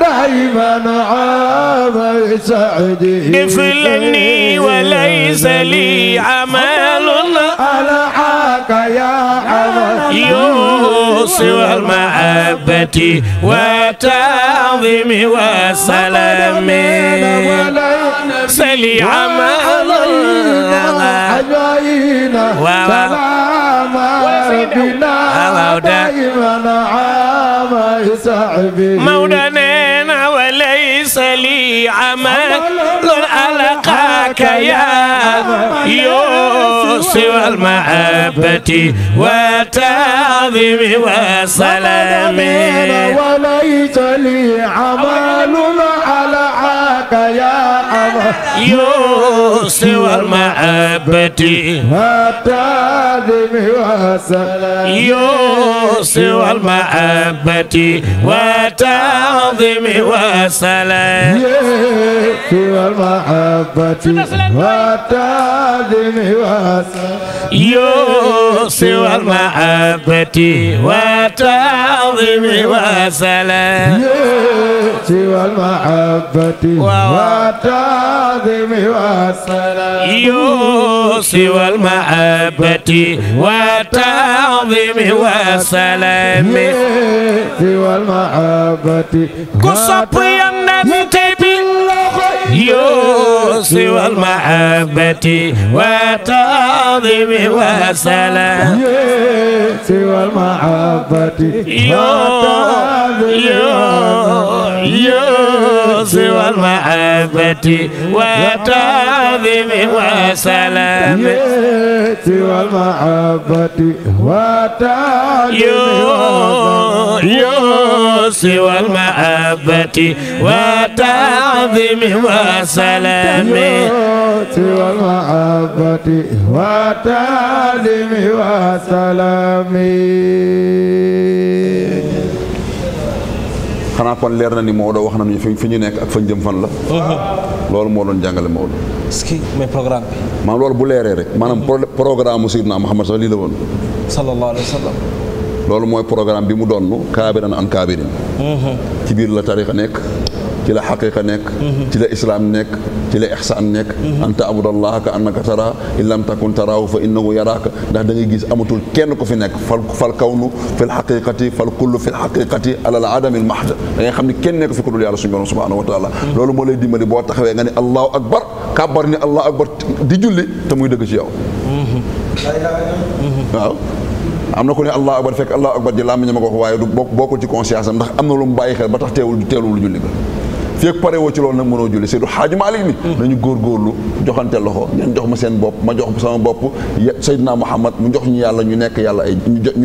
دائما عظيم سعدي قفلني وليس لي عمل ألحاك يا حضر يوصي المحبة والتعظيم والسلام سلي عمل الله سلام ربنا دائما عام صاحبي مولانا وليس لي عمل لك يا يوصي والمحبة والتعظيم والسلام وليس لي عمل على عالم لك يا أمر يوسف والمحبة والتعليم والسلام يوسف والمحبة والتعظيم والسلام يوسف والمحبة والتعظيم والسلام يوسف والمحبة والتعظيم والسلام يوسف والمحبة والتعظيم والسلام يوصي والمحبة والتعظيم والسلام يوصي والمحبة قصب يوسف والمحبة وتعظيم وسلام يوسف والمحبة يوصي وسلام والتعظيم والسلام يوصي وسلام والتعظيم والسلام يوصي والمحبة والتعظيم والسلام وسلم والمحبة والتعليم وسلام xanaa kon leer na ni Maodo wax nañu fi ñu nek ak fañ jëm fan la. Uh-huh. loolu moo doon jàngale Maodo. ski mais programme bi. maanaam bu leeree rek maanaam programme mu Muhammad sallallahu alayhi programme bi mu doon kaabiran an kaabirin. Uh-huh. ci la ci la xaqiqa nekk mhm. ci la islaam nekk ci la ixsaan nekk mhm. an taabudallaha ka annaka tara in lam takun taraahu fa innahu yaraaka ndax da ngay gis amatul kenn ko fi nekk fa fal kawnu fi lxaqiqati fal kullu fi lxaqiqati alal adami lmahd da ngay ne kenn nekk fi ko dul yàlla suñu borom subhanahu wa taala mhm. loolu moo lay dimbali boo taxawee nga ne allahu akbar kàbbar ni allahu akbar di julli te muy dëgg ci yow am na ku ne allahu akbar fekk allahu akbar ji a ko waaye du bokk bokkul ci conscience ndax am na lu mu bàyyi xel ba tax teewul teelul julli fii ak pare woo ci loolu nag mënoo julli Seydou Hadj Malick ni mm. nañu góorgóorlu joxante loxo ngeen jox ma seen bopp ma jox sama bopp Seydina Muhammad mu jox ñu yàlla ñu nekk yàlla ay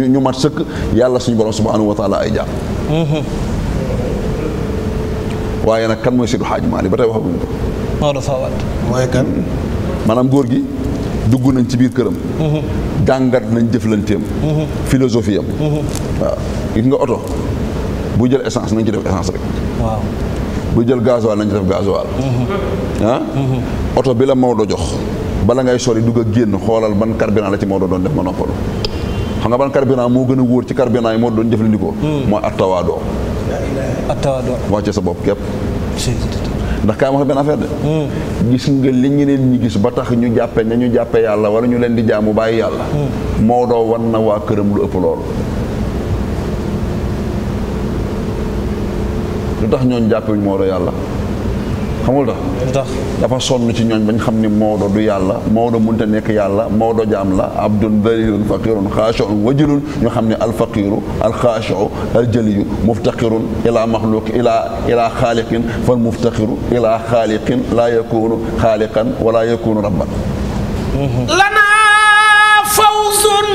ñu mat sëkk yàlla suñu borom subhanahu wa taala ay jaam mm-hmm. waaye nag kan mooy Seydou Hadj Malick ba tey waxaguñu ko Maodo mm. góor gi dugg nañ ci biir këram mm-hmm. jàngat nañ jëflanteem mm-hmm. philosophie am waaw gis nga oto bu jël essence nañ ci def essence rek bu jël gasoil nañ def gasoil mm-hmm. ah mm-hmm. oto bi la Maodo jox bala ngay sori dugg a génn xoolal ban carburant la ci Maodo doon def ma noppalu xam nga ban carburant moo gën a wóor ci carburant yi Maodo doon jëfandikoo mm. mooy attawaadoo attawaadoo wàcce sa bopp képp ndax kaay ma wax benn affaire de mm. gis nga li ñeneen ñi gis ba tax ñu jàppe na ñu jàppe yàlla wala ñu leen di jaamu bàyyi yàlla mm. Maodo wan na waa këram lu ëpp loolu lu tax ñooñ jàppewuñ Maodo yàlla xamul tax dafa sonn ci ñooñ bañ xam ni Maodo du yàlla Maodo munta nekk yàlla Maodo jaam la abdun dalilun faqirun xaashoun wajilun ñu xam ne alfaqiru alxaasho aljaliyu muftaqirun ila maxluq ila ila xaaliqin fal muftaqiru ila xaaliqin laa yakunu xaaliqan wala yakunu rabban lana fawzun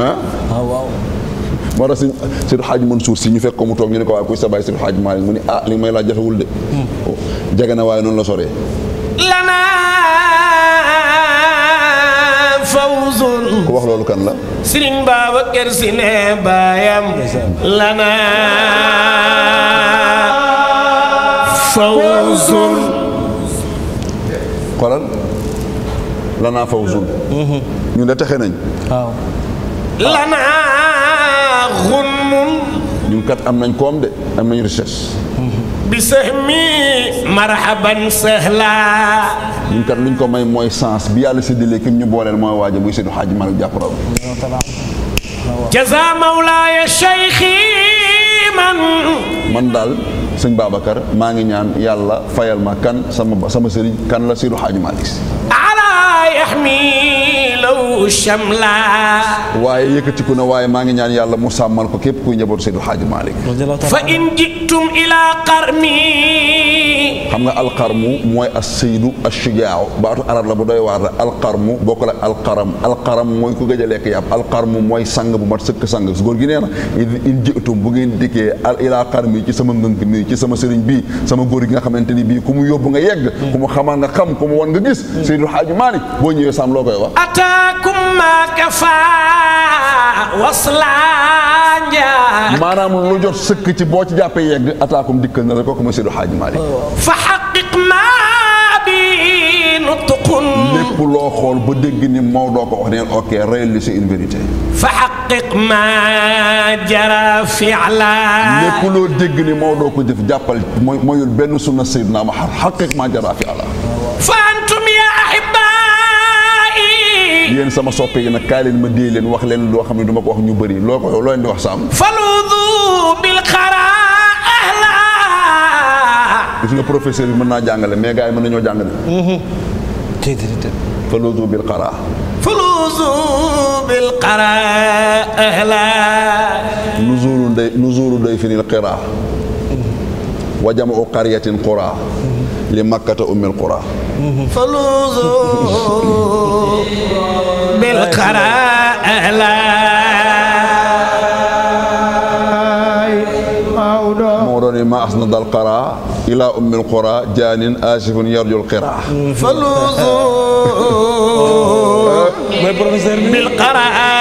waaw waaw moo tax Seydi si ñu fekk ko mu toog ñu ne ko waaye kuy sa baay Seydi Hadj Malick mu ah, na waaye la soree lana fawzun ku wax loolu kan la Serigne Babacar Sy ne baayam lana fawzun xoolal lana fawzun mhm. ñun de nañ lana xunmun ñun kat am nañ koom de am nañ richesse bi sahmi marhaban sahla ñun kat luñ ko may mooy sens bi yàlla séddalee kim ñu booleel mooy waaja muy Seydi Hadji Malick jàpparaw jaza mawlaaya cheikhi man man daal sëñ Babacar maa ngi ñaan yàlla fayal ma kan sama sama sëriñ kan la Seydi Hadji Malick ala yahmi law shamla waaye yëkkatiku na waaye maa ngi ñaan yàlla mu sàmmal ko képp kuy njabootu Seydou Hadj Malick fa in jitum ila qarmi xam nga alqarmu mooy as-saydu ash-shujaa baatu arab la bu doy waar la alqarmu bokk la alqaram alqaram mooy ku a lekk yàpp alqarmu mooy bu mat sëkk sang su góor gi nee bu ngeen dikkee al ila qarmi ci sama ngënk ci sama sëriñ bii sama góor gi nga xamante ni bii ku mu yóbbu nga yegg ku mu xamal nga xam ku wan nga gis hmm. Seydou Hadj Malick boo ñëwee sàmm loo koy wax kafaakum maa kafaa waslaa njaa maanaam lu jot sëkk ci boo ci jàppee yegg ataakum dikkal na la kooku ma Seydu Xaaji Maalik fa xaqiq maa bi nutqun lépp loo xool ba dégg ni moo doo ko wax neen ok reyal li c'est une vérité fa xaqiq maa jara fi'la lépp loo dégg ni moo doo ko jëf jàppal mooy mooyul benn sunna Seydina Muhammad xaqiq maa jara fi'la yéen sama soppe yi nag kaay leen ma dee leen wax leen loo xam ne du ma ko wax ñu bëri loo ko loo leen di wax saam faludu bil xara ahla gis nga professeur bi mën naa jàngale mais gars yi mën nañoo jàngale mhm. faludu bil xara faludu bil xara ahla nuzuru day nuzuru day finil xira mhm. wa jamu qaryatin qura mhm. لمكة أم القرى فلوزوا بالقراء مورني ما أسند القراء إلى أم القرى جان آسف يرجو القراء فلوزوا بالقراء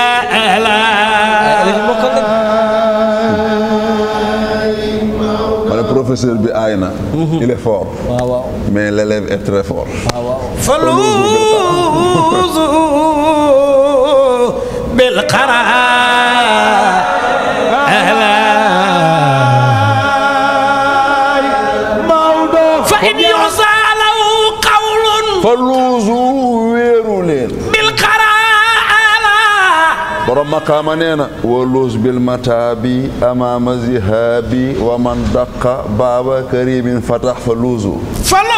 professeur bi aay mhm. il est fort. waaw mais l'élève est très fort. waaw waaw. faluuzu ورمك منينا ولوز بالمتابي أمام زهابي ومن دق باب كريم فتح فلوزو فلا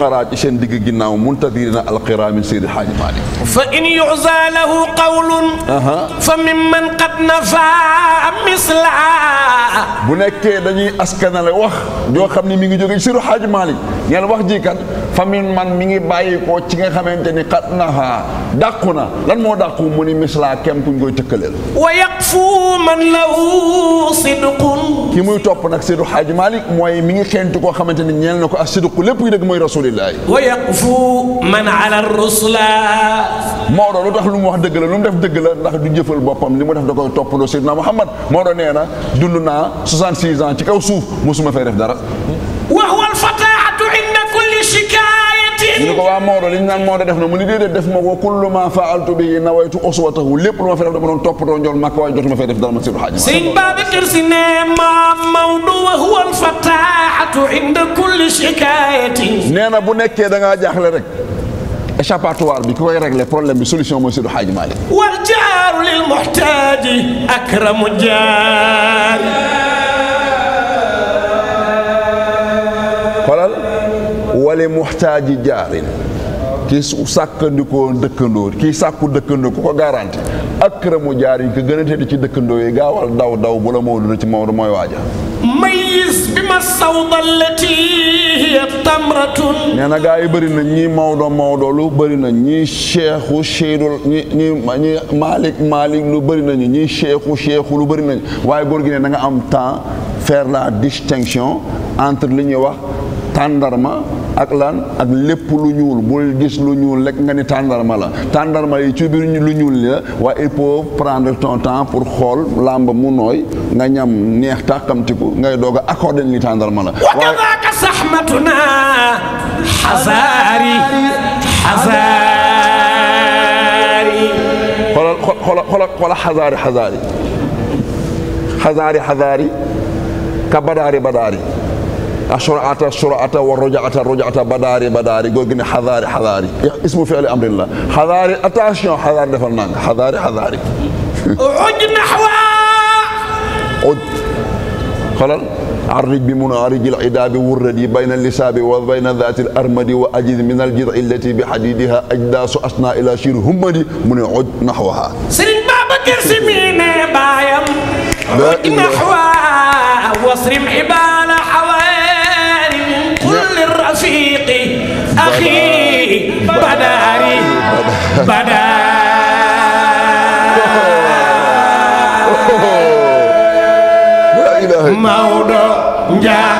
xaraa ci seen digg ginnaaw muntadirina alqiraami seydi xaaji maalik fa in yuza lahu qawlun fa mimman qad nafa misla bu nekkee dañuy askanale wax joo xam ne mi ngi jóge siru xaaji maalik ñeen wax ji kan fa min man mi ngi bàyyi ko ci nga xamante ni qad nafa dàqu na lan moo dàqu mu ni misla kem kuñ koy tëkkaleel wa yaqfu man lahu sidqun ki muy topp nag seydi xaaji maalik mooy mi ngi xeentu koo xamante ni ñeel na ko ak sidqu lépp yi dëgg mooy rasul rasulillahi wa yaqfu man ala rusula Maodo lu tax lu mu wax dëgg la lu mu def dëgg la ndax du jëfal boppam li mu def da koy toppandoo Seydina Muhammad Maodo nee na dund naa 66 ans ci kaw suuf musuma fay def dara wa huwa al fataahatu inda kulli shikaam ñu ne ko waa Maodo li ñu naan Maodo def na mu ni déedéet def ma ko kullu ma faaltu bi nawaytu uswatahu lépp lu ma fay def dama doon toppatoo njool màkk waaye jotuma fay def dara ma si xaaj sëñ Babacar si ne ma Maodo wa huwa alfataatu inda kulli shikaayatin nee na bu nekkee da ngaa jaaxle rek échappatoire bi ki koy régler problème bi solution mooy Seydi Hadji Malick wal jaaru lil muhtaji akramu jaar wala muxtaaji jaarin kii sàkkandikoo dëkkandoo kii sàkku dëkkandoo ku ko garanti akramu jaarin ko gën a tedd ci dëkkandoo yi gaawal daw daw bu la moo duna ci Maodo mooy waaja mayis bi ma sawdallati hiya tamratun nee na gaa yi bëri na ñii Maodo Maodo lu bëri na ñii cheikhu cheidul lu bëri nañu ñii cheikhu cheikhu lu bëri nañu waaye góor gi ne na am temps faire la distinction entre li ñuy wax tàndarma ak lan ak lépp lu ñuul bul gis lu ñuul lekk nga ni tàndarma la tàndarma yi ci lu ñuul la waaye il faut prendre ton temps pour xool làmb mu nooy nga ñam neex tàkkamtiku ngay doog a accordé ni tàndarma la wakadaaka saxmatuna xasaari xasaari xoolal xoolal xoolal xasaari xasaari xasaari xasaari ka badaari badaari الشرعة الشرعة والرجعة الرجعة بداري بداري قولنا حذاري حذاري اسمه فعل أمر الله حذاري أتا شنو حذاري دفرنا حذاري حذاري عد نحو عد خلال عرج بمنارج العداب والردي بين اللساب وبين ذات الأرمد وأجد من الجذع التي بحديدها أجداس أسنى إلى شير همدي من عد نحوها سرين بابا كرسمين بايم عد نحوها وصرم عبال حوالي Bakri pada hari pada mawɗo jaa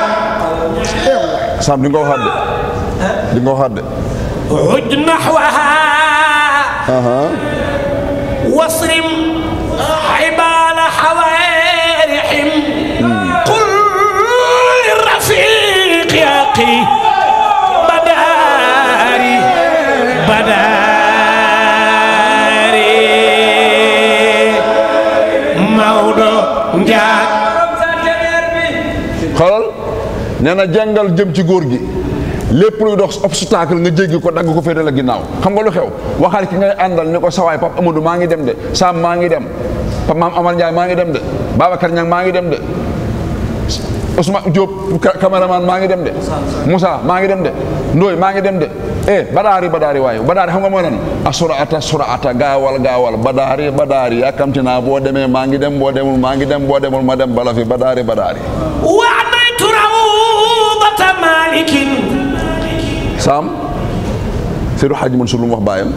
ya. sam ɗi gowhadde ɗi gowhadde عد نحوها أه. واصرم عبال حوارحم قل badari Maodo Njaay xoolal nee na jàngal jëm ci góor gi lépp luy dox obstacle nga jéggi ko dagg ko féetale ginnaaw xam nga lu xew waxal ki ngay àndal ni ko sawaay Pape Amadou maa ngi dem de Sam maa ngi dem Pape Maam Amar Ndiaye maa ngi dem de Babacar Niang maa ngi dem de Ousmane Diop cameraman maa ngi dem de Moussa maa ngi dem de Ndoye maa ngi dem de eh badaari badaari waaye badaari xam nga mooy lan asuraata suraata gaawal gaawal badaari badaari yàkkamti naa boo demee maa ngi dem boo demul maa ngi dem boo demul ma dem bala fi badaari badaari wa amaytu rawbata malikin saam Seydu Xaaji Mansuur lu mu wax baayam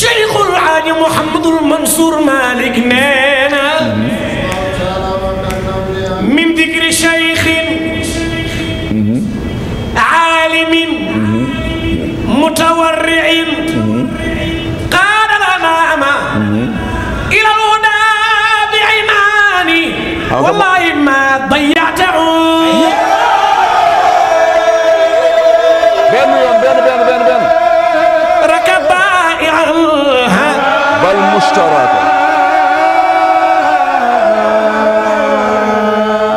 Cheikhul Aali Muhammadul Mansuur Maalik ne والله ما ضيعته بين بين بين بين بين ركب بل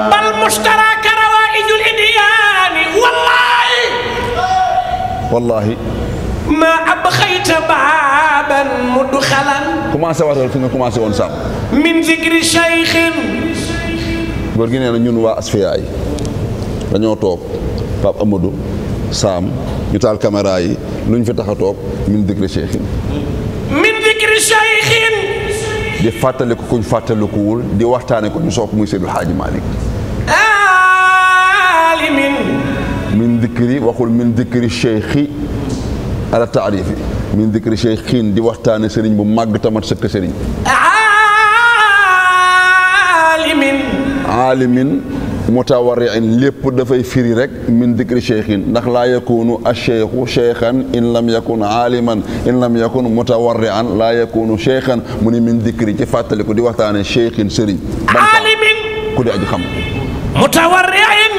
بل روائج الإديان والله والله ما أبخيت بابا مدخلا كما سوى من ذكر شيخ góor gi nee na ñun waa asfiya yi dañoo toog Pape Amadou Sam ñu taal caméra yi lu ñu fi tax a min dikri cheikhin min dikri cheikhin di fàttaliku kuñ fàttalikuwul di waxtaane ko ñu sopp muy Seydou haji malik alimin min dikri waxul min dikri cheikhi ala taarif min dikri cheikhin di waxtaane sëriñ bu màgg tamat sëkk sëriñ aalimin mutawariin lépp dafay firi rek min dikri cheikhin ndax laa yakunu acheikhu cheikhan in lam yakun aaliman in lam yakun mutawarian laa yakunu cheikhan mu ni min dikri ci fàttaliku di waxtaane cheikhin sëriñ aalimin ku di aji xam mutawariin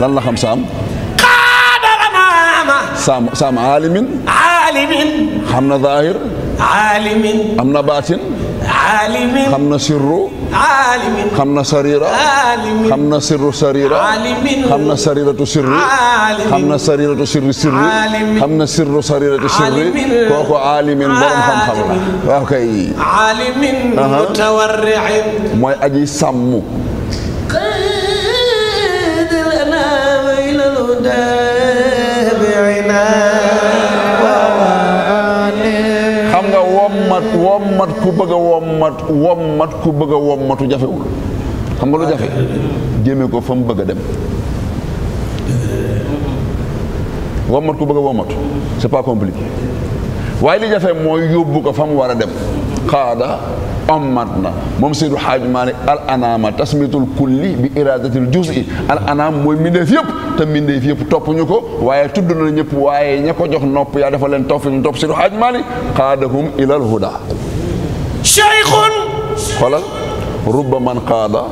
lan la xam saam saam saam aalimin aalimin xam na zaahir aalimin am na baatin aalimin xam na sirru عالم خمنا سريرة عالم خمنا سر سريرة عالم خمنا سريرة سر عالم خمنا سريرة سر سر عالم خمنا سر سريرة سر كوكو عالم برم خم خمنا أوكي عالم متورع ما أجي سمو قد لنا ويل الهدى بعناه wommat ku bëgg a wommat wommat ku bëgg a wommatu jafewul xam nga lu jafe jëmee ko fa mu bëgg a dem wommat ku bëgg a wommatu c'est pas waaye li jafe mooy yóbbu ko fa mu war a dem xaada ommat na moom Seydu Xaaj Maalik al anaama tasmitul kulli bi iradatil jusi al anaam mooy mbindeef yëpp te mbindeef yëpp topp ñu ko waaye tudd na ñëpp waaye ña jox nopp yaa dafa leen topp ñu topp Seydu Xaaj Maalik xaadahum ilal huda cheikhun xoolal rubba man qaada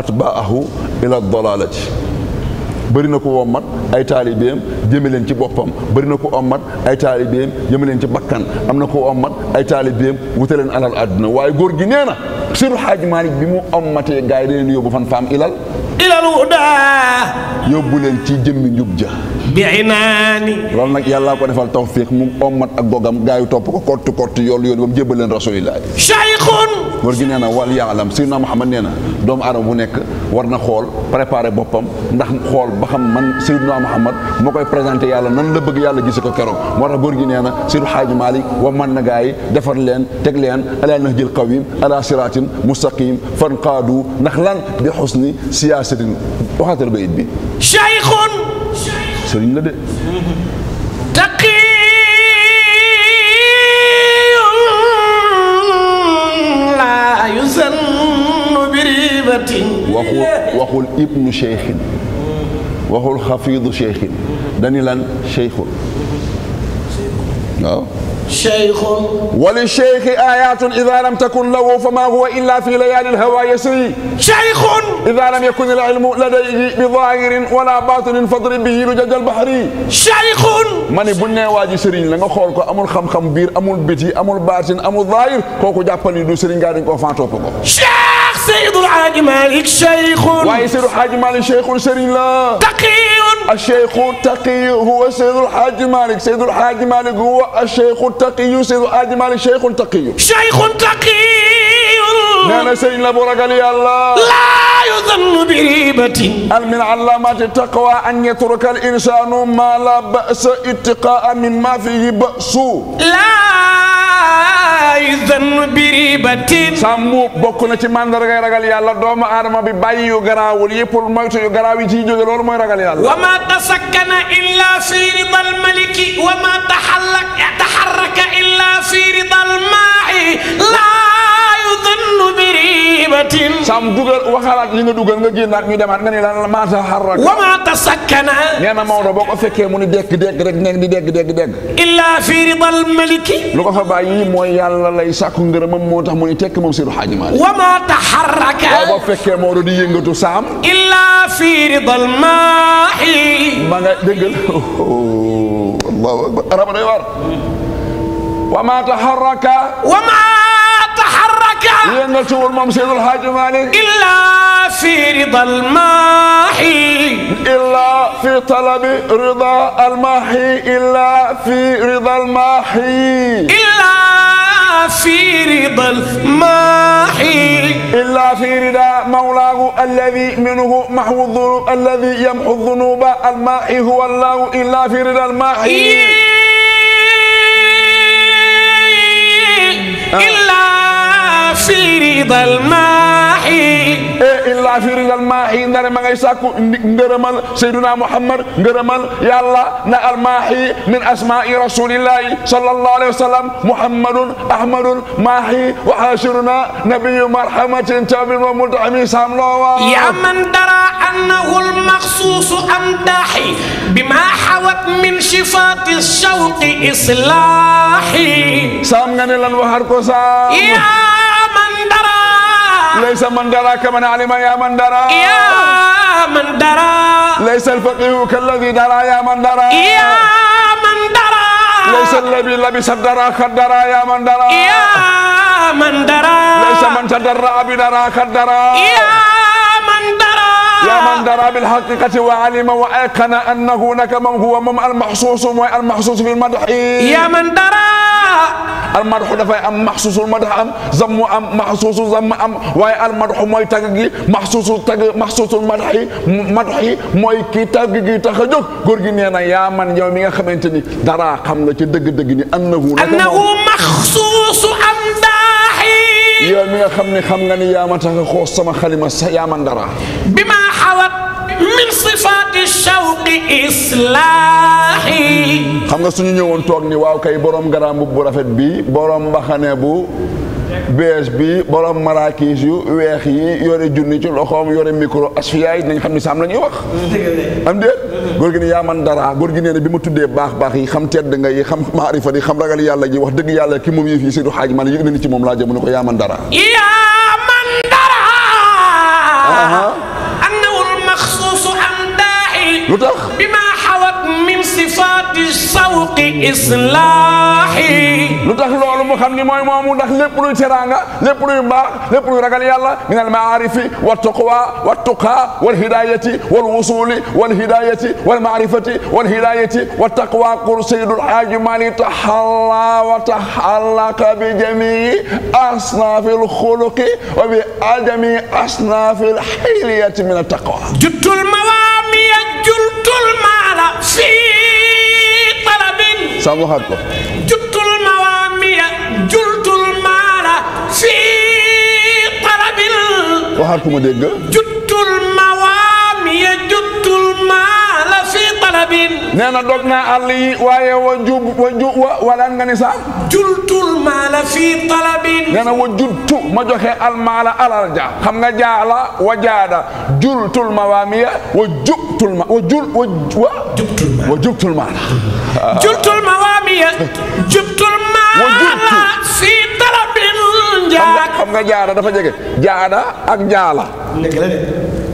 atbaahu ila dalalati bëri na ko wommat ay taalibeem jëme leen ci boppam bëri na ko ommat ay taalibeem jëme leen ci bakkan am na ko ommat ay taalibeem wute leen alal àdduna waaye góor gi nee na Seydou Hadj Malick bi mu ommatee gars yi da leen yóbbu fan faam ilal ilal udaa yóbbu leen ci jëmmi njub ja bi inaani loolu nag yàllaa ko defal tawfiq mu ommat ak gogam gars yi topp ko kott kott yoolu yoolu ba mu jébal leen rasulillah cheikhun war gi nee na wal yaalam Seydina Muhammad nee na doomu aadama bu nekk war na xool préparé boppam ndax xool ba xam man Seydina Muhammad moo koy présenté yàlla nan la bëgg yàlla gise ko keroog moo tax gi nee na Seydou Hadj Malick wa man na gars yi defar leen teg leen alaa nax jël qawim ala siratin siraatin mustaqim fanqaadu ndax lan bi xusni siyaasatin waxaatal bayit bi cheikhun sëriñ la de taqiyun laa yusannu bi ribatin waxul waxul ibnu cheikhin waxul xafiidu cheikhin dañu lan cheikhun waaw شيخ وللشيخ آيات إذا لم تكن له فما هو إلا في ليالي الهوى يسري شيخ إذا لم يكن العلم لديه بظاهر ولا باطن فاضرب به لجج البحر شيخ من بني واجي سرين لنغا خولكو أمول خم خم بير أمول بيتي أمول باطن أمول ظاهر كوكو جابني دو سرين غادي كو فانتوكو شيخ سيد الحاج مالك شيخ واي سيد الحاج مالك شيخ سرين لا تقي الشيخ التقي هو سيد الحاج مالك سيد الحاج مالك هو الشيخ التقي سيد الحاج مالك شيخ تقي شيخ تقي نانا نعم سيدنا بورقالي الله لا يظن بريبة من علامات التقوى أن يترك الإنسان ما لا بأس اتقاء مما فيه بأس لا يظن بريبة سامو بكونا تي من درغا الله دوما آرما بي باي يغراول يبول ما يتو جي جي لول ما رغال الله وما تسكن إلا في رضا الملك وما تحرك إلا في رضا الماء لا sam dugal waxalaat li nga dugal nga génnaat ñu demaat nga ne lan la maa taharraka wa maa tasakkana nee na Maodo boo mu ni dégg dégg rek nekk di dégg dégg dégg illaa fi ridal maliki lu ko fa bàyyi mooy yàlla lay sàkku ngërëmam moo mu ni wa taharraka di fi ridal maahi ma nga déggal Allah, akbar araba day war wa maa taharraka wa إلا في رضا الماحي إلا في طلب رضا الماحي إلا في رضا الماحي إلا في رضا الماحي إلا في رضا مولاه الذي منه محو الذنوب الذي يمحو الذنوب الماحي هو الله إلا في رضا الماحي إلا في رضا الماحي إيه إلا في رضا الماحي نرى ما يساكو نرمال سيدنا محمد نرمال يلا نا الماحي من أسماء رسول الله صلى الله عليه وسلم محمد أحمد ماحي وحاشرنا نبي مرحمة تاب ومدعم سام يا من ترى أنه المخصوص أم أمداحي بما حوت من شفاط الشوق إصلاحي سام لن وهركو سام يا laysa man dara kaman alima ya man dara ya man dara laysa alfaqihu kalladi dara ya man dara ya man dara laysa allabi labisa dara kaddara ya man dara ya man dara laysa man tadarra bidara kaddara ya يا من درى بالحقيقة وعلم وأيقن أن هناك من هو المحصوص والمحصوص في المدح يا من درى المدح دفع أم محسوس المدح أم زم أم محسوس زم أم واي المدح موي تاغي محسوس تاغ محسوس المدح مدح موي كي تاغي تاخجوك غورغي نينا يا من يوم ميغا خامتيني دارا خامنا تي دغ دغ ني انه انه محسوس أم yow mi nga xam ne xam nga ni yaa ma tax a xoos sama xalima sa yaa ma ndara bi ma xawat min sifaati shawqi islaahi xam nga suñu ñëwoon toog ni waaw kay borom garaam bu rafet bi borom mbaxane bu bees bi borom maraakis yu weex yi yore junni ci loxoom yore micro asfiya yi nañ xam ni saam la ñuy wax am déet góor gi ne yaa man dara góor gi nee ne bi ma tuddee baax baax yi xam tedd nga yi xam maarifa xam ragal yàlla ji wax dëgg yàlla ki moom yëf yi Seydou Hadj man yëg na ni ci moom laa jëm ne ko yaa man dara yaa man dara annawul maxsuusu am daa lu صفات الشوق إصلاحي lu tax loolu mu xam ni mooy moomu ndax lépp luy teraanga lépp luy mbaax lépp luy ragal yàlla min al maarifi wa taqwa wa tuqa wal hidayati wal wusuli wal hidayati wal maarifati wal hidayati wa taqwa qur sayyidul haaji mali tahalla wa tahallaqa bi jamii asnafi al khuluqi wa bi adami asnafi al hiliyati min at taqwa juttul mawami yajultul mala fi saam waxaat ko juttul mawaamiya jultul maala fi talabil waxaat ko ma dégg na dog naa àll yi waaye wa walaan nga ni saam jultul fi talabin nee na wa juttu ma joxe al maala xam nga jaala wa jaada jultul jubtul ma wa jul wa wa. jubtul ma wa jubtul ma la. jubtul ma waa mi ya. jubtul ma la si talabin. jaara xam nga jaara dafa jege jaara ak njaala.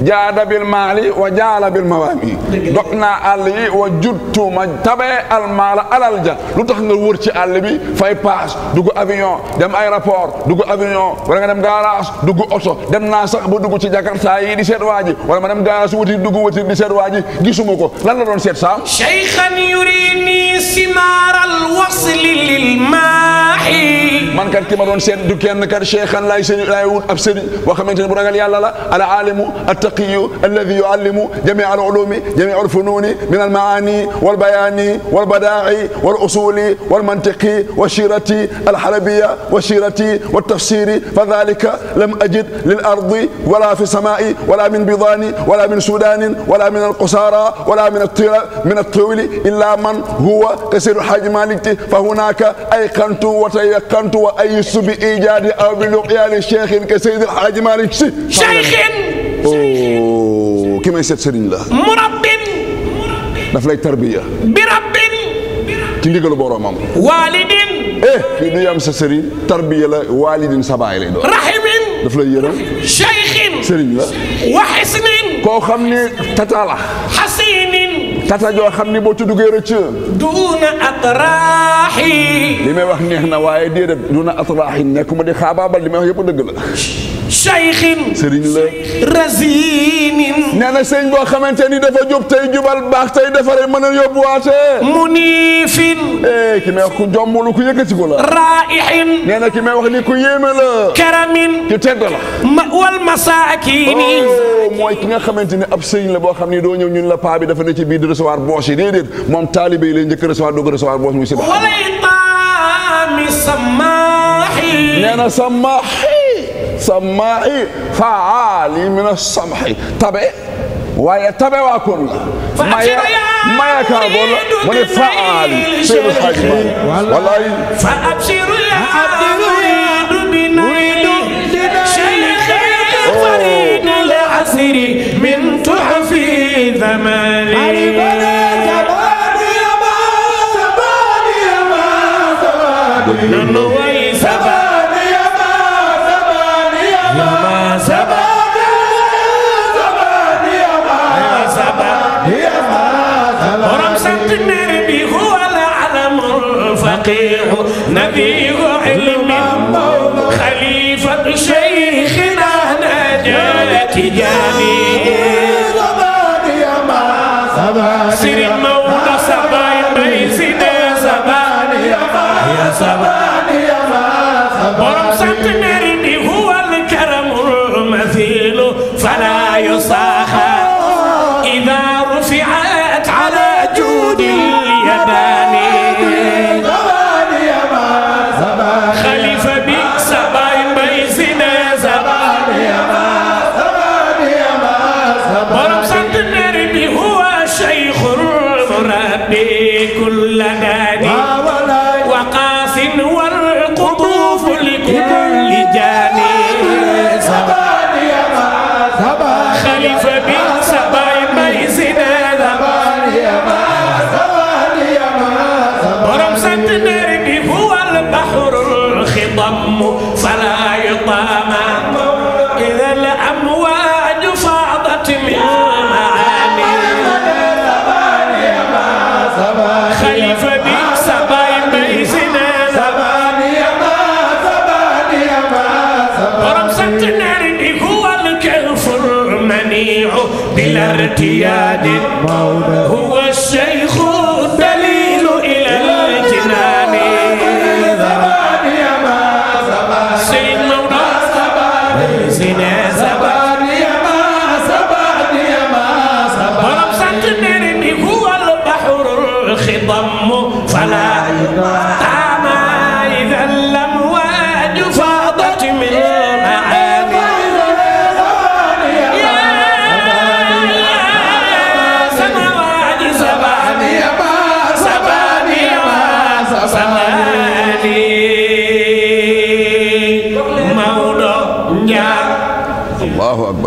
جاد بالمال وجال بالموامي دقنا علي وجدت ما تبع المال على الجا لوتخ نغ وورتي علي بي فاي باس دوغ افيون دم اي رابور دوغ افيون ولا دم غاراس دوغ اوتو دم نا صاح بو دوغ سي جاكرتا يي دي سيت واجي ولا ما دم غاراس ووتي دوغ ووتي دي سيت واجي غيسوموكو لان لا دون سيت سا شيخا يريني سمار الوصل للماحي من كان كيما دون سيت دو كين كان شيخا لاي سيني لاي وود اب سيني وخا مانتي بو راغال يالا لا على عالم التقي الذي يعلم جميع العلوم جميع الفنون من المعاني والبيان والبداع والأصول والمنطق والشيرة الحلبية والشيرة والتفسير فذلك لم أجد للأرض ولا في السماء ولا من بضان ولا من سودان ولا من القصارى ولا من من الطويل إلا من هو قصير الحجم فهناك أيقنت وتيقنت وأيس بإيجاد أو بلقيان شيخ كسيد الحاج مالك شيخ oh ki may seet sëriñ la. mu rabbin. daf lay tarbiya. bi rabbin. ci ndigalu boromam. waalidin. eh kii du yam sa sëriñ tarbiya la waalidin sa baay lay doon. rahimin. daf lay yërëm. cheikhin. sëriñ la. wa xisnin. koo xam ni tata la. xasinin. tata joo xam ni boo ci duggee rëcc. duuna atraaxi. li may wax neex na waaye déedéet duuna atraaxi nekkuma di xaabaabal li may wax yëpp dëgg la. cheikhin sëriñ la rasinin nee na sëñ boo xamante ni dafa jub tey jubal baax tey defaree mën a yóbbuwaate munifin eh ki may wax ku jombulu ku yëkkati ko la raihin nee na ki may wax ni ku yéeme la karamin ki tedd la wal masakini mooy ki nga xamante ni ab sëriñ la boo xam ni doo ñëw ñun la paa bi dafa ne ci biir di recevoir booche yi déedéet moom taalibe yi lay njëkk recevoir doog a recevoir booche mu si ba wala itaami samaaxi nee na samaaxi سماع فعال من السمح تبع ويتبع كل ما ي... ما يكابل من فعال سيد الحاج والله فأبشر يا tijaani Sëriñ Maodo sabay bay si ne sabani ya sabani ya borom centenaire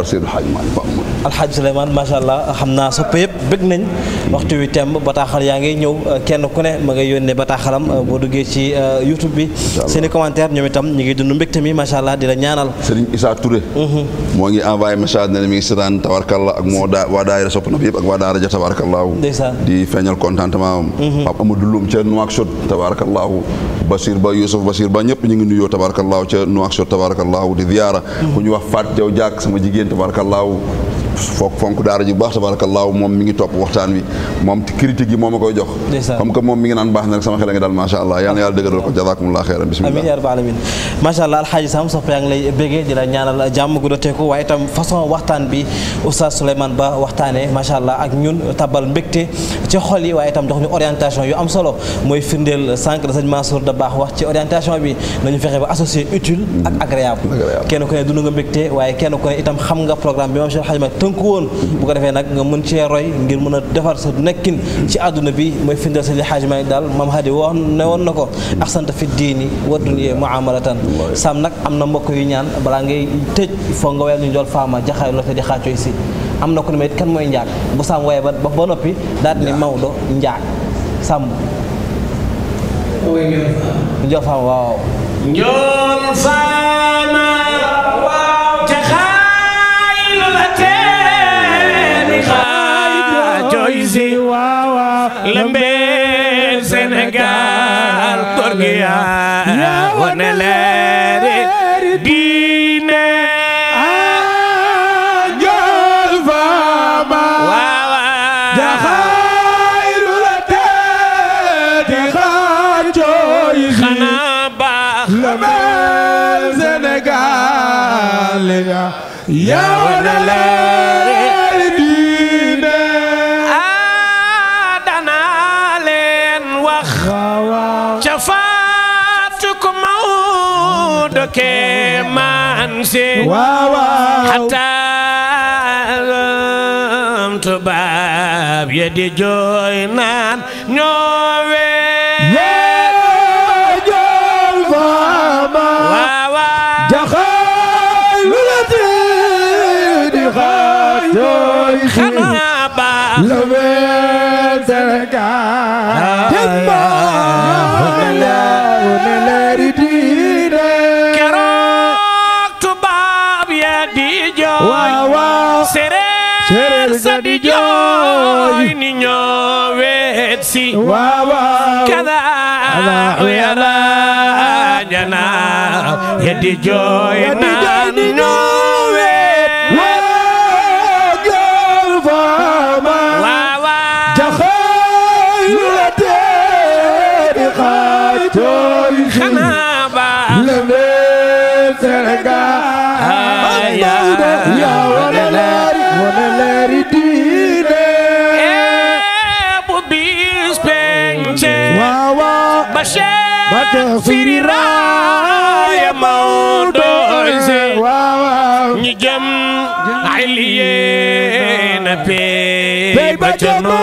Kër Seydou Hadj Malick Ba Amady. Alhaji Souleymane macha allah xam naa soppe yëpp bëgg nañ. waxtu wi temb bataaxal yaa ngi ñëw euh, kenn ku ne ma ngay yónnee bataaxalam euh, boo duggee ci euh, YouTube bi. seeni commentaire ñoom itam ñu ngi dund mbégte mi macha allah di la ñaanal. Serigne Issa Touré. Mhm. moo ngi envoyé message ne mi ngi seetaan tabarkalla ak moo daa waa daayira sopp na di feeñal contentement am. Mhm. Pape Amadou Loum ca Nouakchott tabarkalla Bachir Ba Youssouf Bachir Ba ñëpp ñu ngi nuyoo tabarakallahu ca Nouakchott tabarakallahu di ziyaara mm-hmm. ku ñu wax Faat Jaw Jaak sama jigéen tabarakallahu foog fonk daara ji bu baax tabaarakallaahu moom mi topp waxtaan wi moom critique yi moom ma koy jox comme que moom mi naan baax na rek sama xel a ngi daal allah yal na yàlla dëgëral ko jazaakumullaa xeeran bismillah amiin yaa rabbal alamin macha allah alxaaji sam sopp yaa lay bégee di la ñaanal jàmm waaye itam façon waxtaan bi oustaz Souleymane Ba waxtaanee macha allah ak ñun tabal mbégte ci xol yi waaye itam jox ñu orientation yu am solo mooy firndeel sànq da sëñ Mansour bi nañu fexe ba associé utile ak mm. agréable kenn ku ne dund nga tënku woon bu ko defee nag nga mën cee roy ngir mën a defar sa nekkin ci àdduna bi mooy findal sa li xaaj maa daal maam hadi wax ne woon na ko axsanta fi diini wa dunyee muamalatan sam nag am na mbokk yu ñaan balaa ngay tëj foo nga wel ñu jool faama jaxaay loo di xaacooy si am na ku ne kan mooy njaag bu sam waaye ba ba noppi daal ni Maodo njaag sam njool faama waaw njool faama we di jooy naan ñoo we jooy faama waawa jaxaay lu la di xaatooy xanaa baa la weel Sénégal نفسي كذا ويلا جنا يدي جوينا نوي جخيل تاريخاتو تغفري رايا موضوعي واو نجم علينا بيبا جنو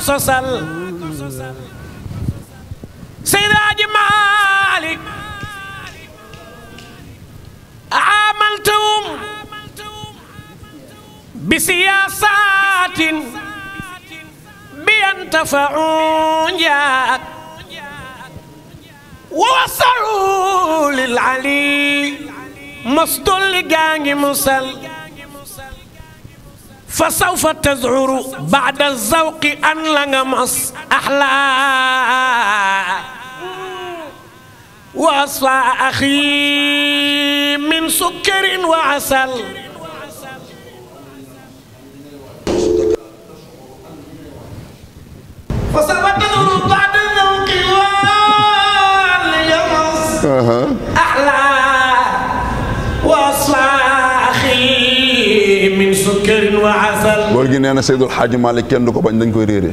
ko sosal Seydaaji Maalik amaltawum bi siyaasaatin bi yantafa'u jaak wa wasalu lil ali masdul gaa ngi musal فسوف تزعر بعد الذوق أن لنمص أحلى وأصفى أخي من سكر وعسل فسوف góor gi nee na du ko bañ dañ koy réeré.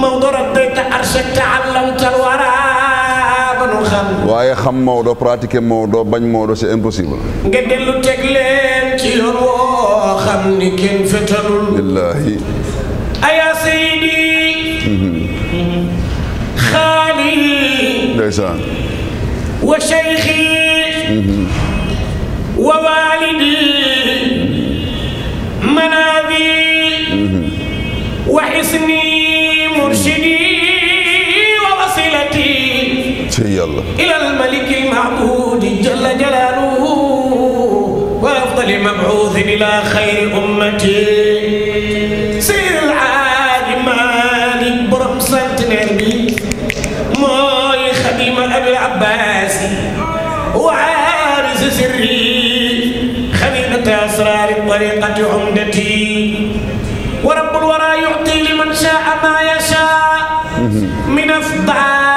Maodo rabbika arshaka allamtal wara ba nu xam. waaye xam Maodo pratiquer Maodo bañ Maodo c'est impossible. nga dellu leen ci yoon xam ni kenn fetalul. billaahi. ayaa Seydi. xaali. ndeysaan. wa Cheikhi. Mhm. wa Walidi. منابي وحسني مرشدي ووصلتي إلى الملك المعبود جل جلاله وأفضل مبعوث إلى خير أمتي سيد أبي العباسي طريقة عمدتي ورب الورى يعطي لمن شاء ما يشاء من أفضل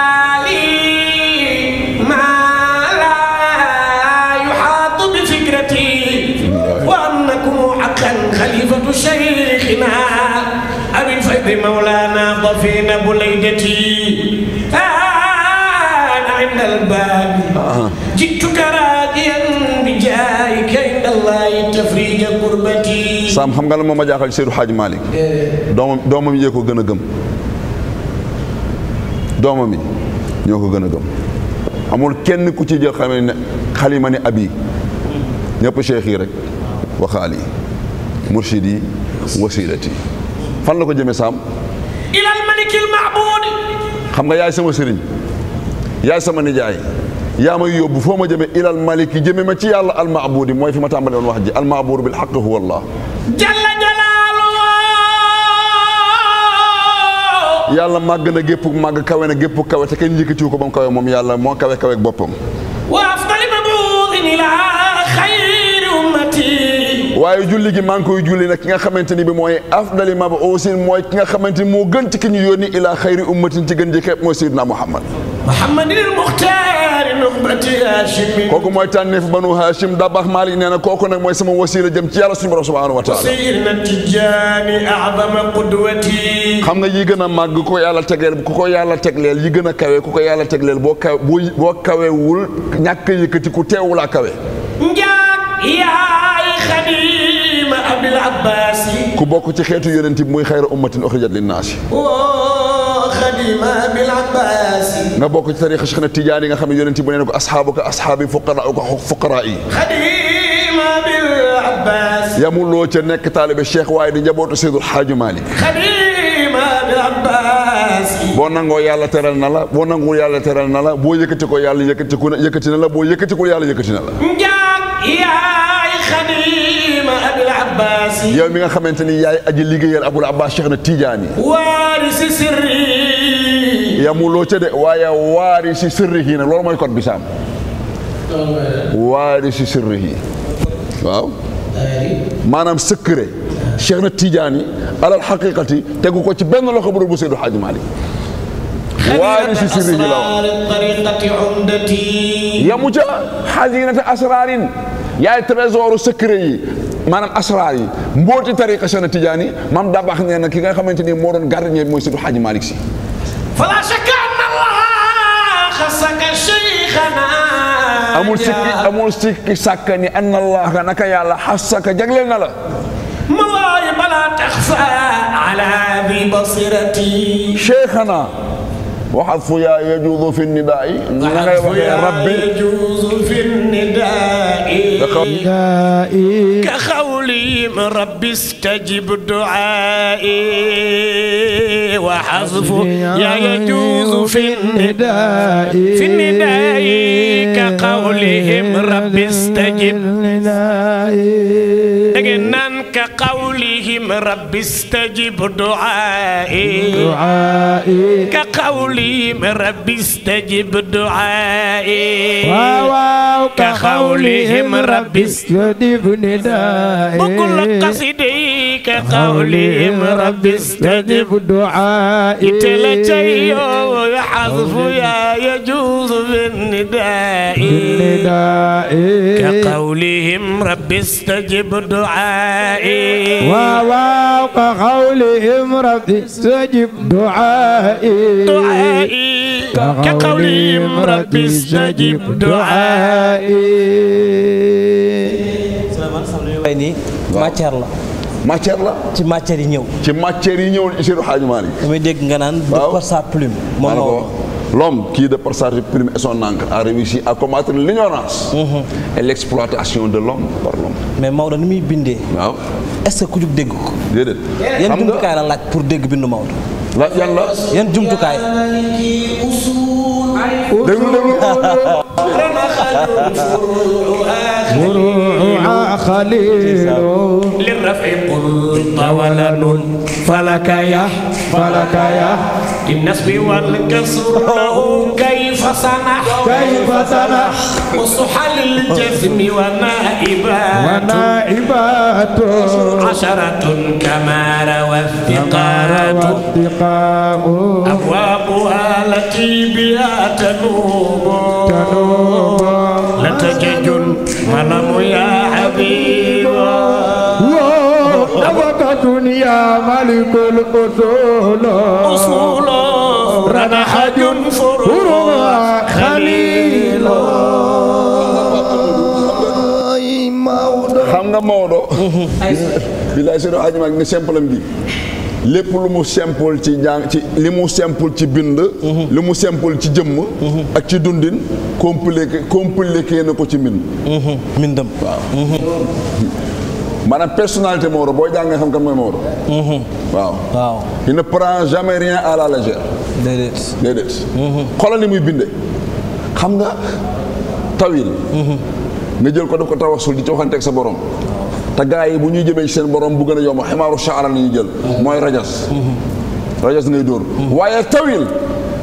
saam xam nga la moom ma jaaxal Seydou Hadj Malick eh. doomam doomam yee ko gën a gëm doomam yi ñoo ko gën a gëm amul kenn ku ci jël xalima ne xalima ne abi ñëpp cheikh yi rek waxaal yi murshid yi wasilat yi fan la ko jëme saam ilal malikil maabud xam nga yaay sama sëriñ yaay sama nijaay يا ما يوب فما جمع إلى الملك جمع ما تي الله المعبود ما في متى مليون واحد المعبود بالحق هو الله جل جلاله يا الله ما جن جيبو ما جن كوي ن جيبو كوي تكين جيك تيو كم كوي مم يا وافضل مبود إلى waaye julli gi man ngi koy julli na ki nga xamante ni bi mooy afdali mabuusin mooy ki nga xamante ni moo gën ci ki ñu yónni ila xayri ummatin ci gën ji xeet mooy Seydina Muhammad Muhammadil Muxtaar nuxbati Haashim kooku mooy tànneef banu Haashim daa baax Maalik nee na kooku na mooy sama wasiila jëm ci yàlla suñu borom subhaanahu wa taala Seydina Tijaani a'zama qudwati xam nga yi gën a màgg ku ko yàlla tegleel ku ko yàlla tegleel yi gën a kawe ku ko yàlla tegleel boo kaw boo kawewul ñàkk yëkkati ku ma abil abbas yi ku bokk ci xeetu yonent bi muy xayra ummatin uxrijat linnaasi xadima bil abbas nga bokk ci tariixa Cheikh na Tijaani nga xam ne yonent bu neen ko asxaabuka asxaabi fuqaraauka fuqaraa yi xadima bil abbas yamuloo ca nekk taalibe Cheikh waaye di njabootu Seydul Xaaju Maalik xadima bil abbas boo nangoo yàlla teral na la boo nangoo yàlla teral na la boo yëkkati ko yàlla yëkkati ku na yëkkati na la boo yëkkati ko yàlla yëkkati na la yaay xadima abil abbas yow mi nga xamante ni yaay aji liggéeyal abul abbas cheikh na tijaani waari si sirri yamuloo ca de waaye waari si sirri yi nag loolu mooy code bi saam waari si sirri yi waaw maanaam secret cheikh na tijaani alal xaqiqati tegu ko ci benn loxo bu dul bu Seydu Xaaji Maalik waaye si sirri ji la wax yamu ca xazinata asraarin yaay trésoru secret yi maanaam asraar yi mbooti tariqa sana tijaani maam dabax nee na ki nga xamante ni moo doon gardien mooy Seydi Hadji Malick Sy fala shakka anna allaha xasaka shaykhana amul sikki amul sikki sàkka ni anna allaha naka yàlla xasaka jagleel na la malaay bala taxfa ala bi basirati shaykhana وحذف يا يجوز في النداء وحذف يا ربي يجوز في النداء من ربي استجب دعائي وحذف يا يجوز في النداء في النداء كقولهم ربي استجب دعائي كقول بهم رب استجب دعائي دعائي كقولي رب استجب دعائي كقولهم رب استجب ندائي بكل قصدي كقولهم رب استجب دعائي تلتي وحذف يا يجوز بالنداء كقولهم رب استجب دعائي وواق كقولهم رب استجب دعائي دعائي كقولهم رب استجب دعائي ini macar lah matière la. ci matière yi ñëw. ci matière yi ñëw Seydou Hadj Malick. damay dégg nga naan. de par sa plume. moom la wax l'homme qui de par sa plume et son encre a réussi à combattre l'ignorance mhm. et l'exploitation de l'homme par l'homme mais Maodo ni muy bindee. waaw est-ce que ku jug dégg ko. déedéet yan jumtukaay laaj pour dégg bindu Maodo. la la yan jumtukaay. مروعها مروعها خليل للرفع قلت ولد فلك يا فلك يا النسب والكسر كيف سنح كيف سنح مصح للجسم ونائبات ونائبات عشرة كما روى الثقات أبوابها التي بها تنوب تنوب تجج المنام يا حبيبا أبدة يا ملك الأصول أصول رنحج فروع خليل xam nga Maodo. bilaay seen aaj maag ne simple am bi lépp lu mu simple ci jàng ci li mu simple ci bind mhm. li mu simple ci jëmm mhm. ak ci dundin compliqué compliqué na ko ci mbind mbindam mhm. waaw maanaam personnalité moo war boo jàngee xam-xam mooy moo war waaw waaw il ne à la légère déedéet déedéet xoolal ni muy binde xam nga tawil nga jël ko def ko tawasul di ci waxante ak sa borom te gars yi bu ñuy jëmee ci seen borom bu gën a yomb ximaaru shaara la ñuy jël mooy rajas rajas ngay dóor waaye tawil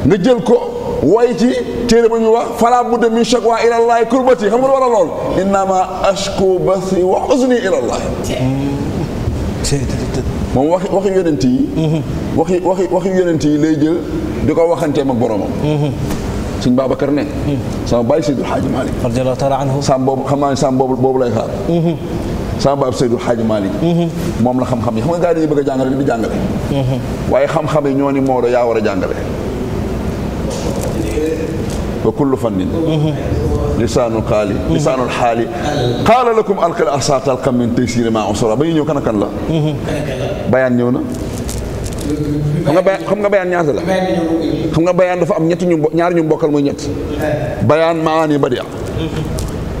nga jël ko way ci téere ba ñu wax fala budda min shakwa ilallahi kurbati xam nga lu war a lool innama ashku basi wa huzni ilallahi moom wax waxi yonent yi waxi waxi waxi yonent yi lay jël di ko waxanteem ak boromam suñ Babacar ne sama bàyyi Seydil Hadji Malick radiyallahu taala anhu saam boobu xam naa ne saam boobu boobu lay xaar sama baab Seydou Hadj Malick mhm. moom la xam-xam yi xam nga gars yi dañuy bëgg a jàngale di jàngale mhm. waaye xam-xam yi ñoo ni Maodo yaa war a jàngale ba kullu fannin mhm. lisaanul xaali lisaanul xaali min tey siiri maa usra ba ñu ñëw kan a kan la bayaan ñëw na xam nga bayaan xam nga bayaan ñaata la xam nga bayaan dafa am ñetti ñu ñaari ñu mbokkal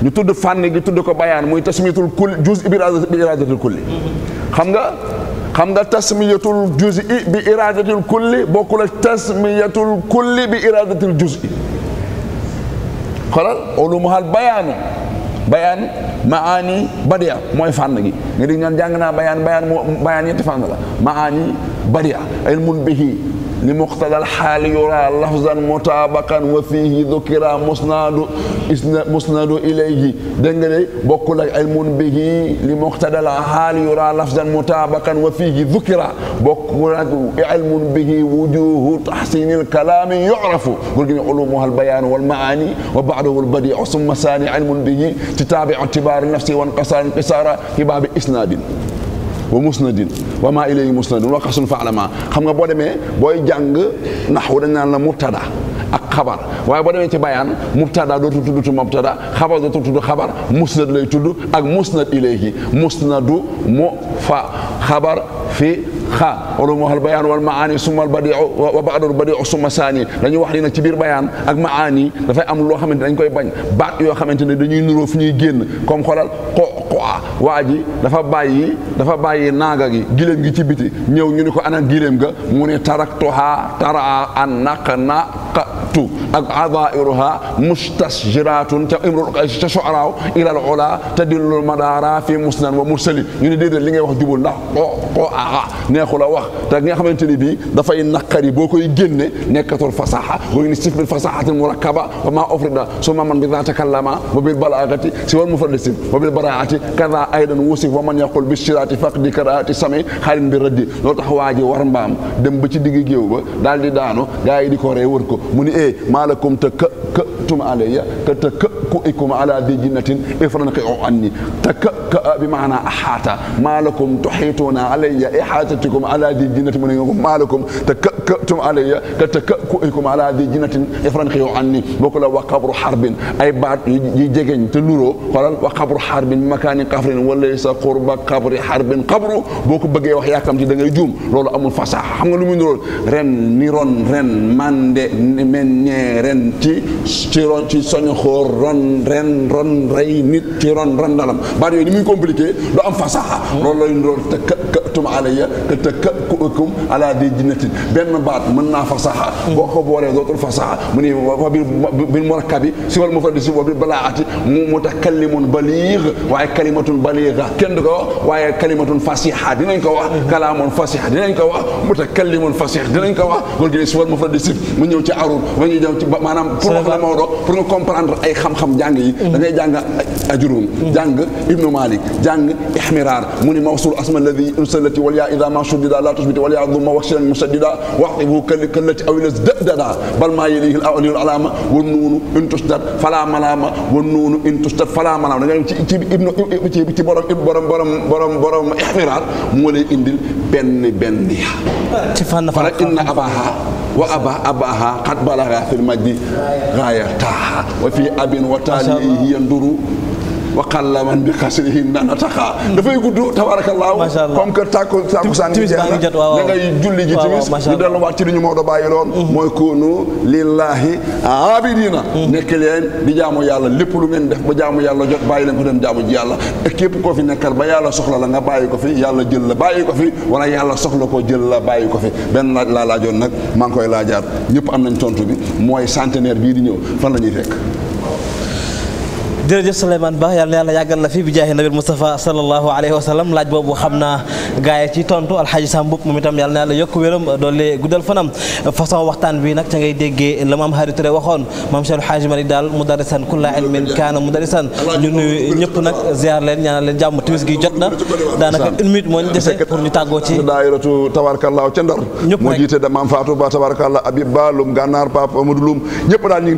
ñu tudd fànn gi tudd ko bayaan muy tasmiyatul kulli juz bi iradatul kulli xam nga xam nga tasmiyatul juz bi iradatul kulli bokkul ak tasmiyatul kulli bi iradatul juz i xoolal ulumuhal bayaanu bayaan maani badia mooy fànn gi nga dégg naa bayaan bayaan moo bayaan ñetti fànn maani badia ilmun bihi لمقتضى الحال يرى لفظا مطابقا وفيه ذكر مسند مسند اليه دنجلي بوكل علم به لمقتضى الحال يرى لفظا مطابقا وفيه ذكر بوكل علم به وجوه تحسين الكلام يعرف قلنا علومها البيان والمعاني وبعده البديع ثم ثاني علم به تتابع اعتبار النفس وانقصار انقصار في باب اسناد wa musnadin wa maa ilayhi musnadin wa qasun faalama xam nga boo demee booy jàng naxwu dañ naan la mubtada ak xabar waaye boo demee ci bayaan mubtada dootul tudd tu mubtada xabar dootul tudd xabar musnad lay tudd ak musnad ilayhi musnadu mu fa xabar fi xa ulumuhal bayaan wal maani summa al badiu wa baadul badiu summa saani dañuy wax ni na ci biir bayaan ak maani dafay am loo xamante dañ koy bañ baat yoo xamante ne dañuy nuroo fu ñuy génn comme xoolal xo xoa waa ji dafa bàyyi dafa bàyyi naaga gi giléem gi ci biti ñëw ñu ni ko ana giléem ga mu ne taraktuha tara an naq naqatu ak adairuha mustasjiratun ca imru ca shu'ara ilal ula tadillul madara fi musnan wa mursali ñu ne déedéet li ngay wax jubul ndax xo xoa fasaaxa neexul a wax te nga xamante ni bii dafay naqari boo koy génne nekkatul fasaaxa wa ni sif bil fasaaxatin murakkaba wa maa ofrida su ma man bi daa takallama wa bil balaagati si wal mufradati wa bil baraati kada aydan wusif wa man yaqul bi shiraati faqdi karaati sami xarin bi raddi loolu tax waa ji war mbaam dem ba ci digg géew ba daal di daanu gaa yi di ko ree wër ko mu ni e maalakum te ka ka كنتم علي كتكأكئكم على ذي جنة افرنقعوا عني تكأكأ بمعنى أحاط ما لكم تحيطون علي إحاطتكم على ذي جنة من ما لكم تكأكأتم علي كتكأكئكم على ذي جنة افرنقعوا عني بقول وقبر حرب أي بعد يجيجن تلورو قال وقبر حرب مكان قفر وليس قرب قبر حرب قبر بوكو بغي wax yakam ci da ngay joom lolu amul fasax xam nga رن muy ren ni ron ren man de ci ron ci soñ xóor ron ren ron rey nit ci ron ron dalam baat yooyu ni muy compliqué du am fasaxa loolu lay loolu te këtum alayya te te këkum ala di jinnatin benn baat mën naa fasaxa boo ko boolee dootul fasaxa mu ni wa bi bil murakkabi si wal mufrad si wa bi balaati mu mutakallimun baliix waaye kalimatun baliixa kenn du ko wax waaye kalimatun fasiha dinañ ko wax kalaamun fasiha dinañ ko wax mutakallimun fasih dinañ ko wax loolu gi si wal mufrad si mu ñëw ci arur ma ñëw ci maanaam pour wax la Maodo pour nga comprendre ay xam-xam jàng yi mm. da ngay jàng ajurum mm. jàng ibnu malik jàng ihmirar mu ni mawsul asma alladi unsalati wal yaa ida ma shuddida la tusbiti wal yaa duma wakshilan musaddida waxibu kalli kallati aw ila dada bal maa yelihi al aliyul alaama wa nuunu in tustat fala malaama wa nuunu in tustat fala malaama da ngay ci ci ibnu ci ci borom borom borom borom borom ihmirar moo lay indil benn benn ya fara inna abaha وأبا أباها قد بلغ في المجد غايتها وفي أب وتالي يندر waqal la man bi xasrihi nana taxaa dafay gudd tabaarakallaahu comme que tàkku tàkkusaan gi jeex na da ngay julli ji timis ñu delluwaat ci li ñu Maodo bàyyi loon mm-hmm. mooy koonu lillaahi aabidiina mm-hmm. nekk leen di jaamu yàlla lépp lu ngeen def ba jaamu yàlla jot bàyyi leen ko dem jaamu yàlla ak képp koo fi nekkal ba yàlla soxla la nga bàyyi ko fi yàlla jël la bàyyi ko fi wala yàlla soxla koo jël la bàyyi ko fi benn laaj laa laajoon nag maa ngi koy laajaat ñëpp am nañ tontu bi mooy centenaire bii di ñëw fan la ñuy jërëjëf Souleymane Ba yàlla na yàlla yàggal la fi bi jaahi nabil Moustapha sallallahu wa sallam laaj boobu xam naa ci tontu alxaaji Sam Mboup moom itam yàlla na yàlla yokk wéram doole guddal fanam façon waxtaan bi nag ca ngay déggee la maam Xaari Touré waxoon maam Cheikh Alxaaji Mari daal mudarrisan kulla ilmin kaana mudarrisan ñu nuyu ñëpp nag ziar leen na daanaka une minute moo ñu dese pour ñu tàggoo ci daayiratu tabarakallaahu ca Ndar moo da maam Fatou Ba tabarakallaahu Abib Ba Lum Gànnaar a Amadou Lum ñëpp daal ñu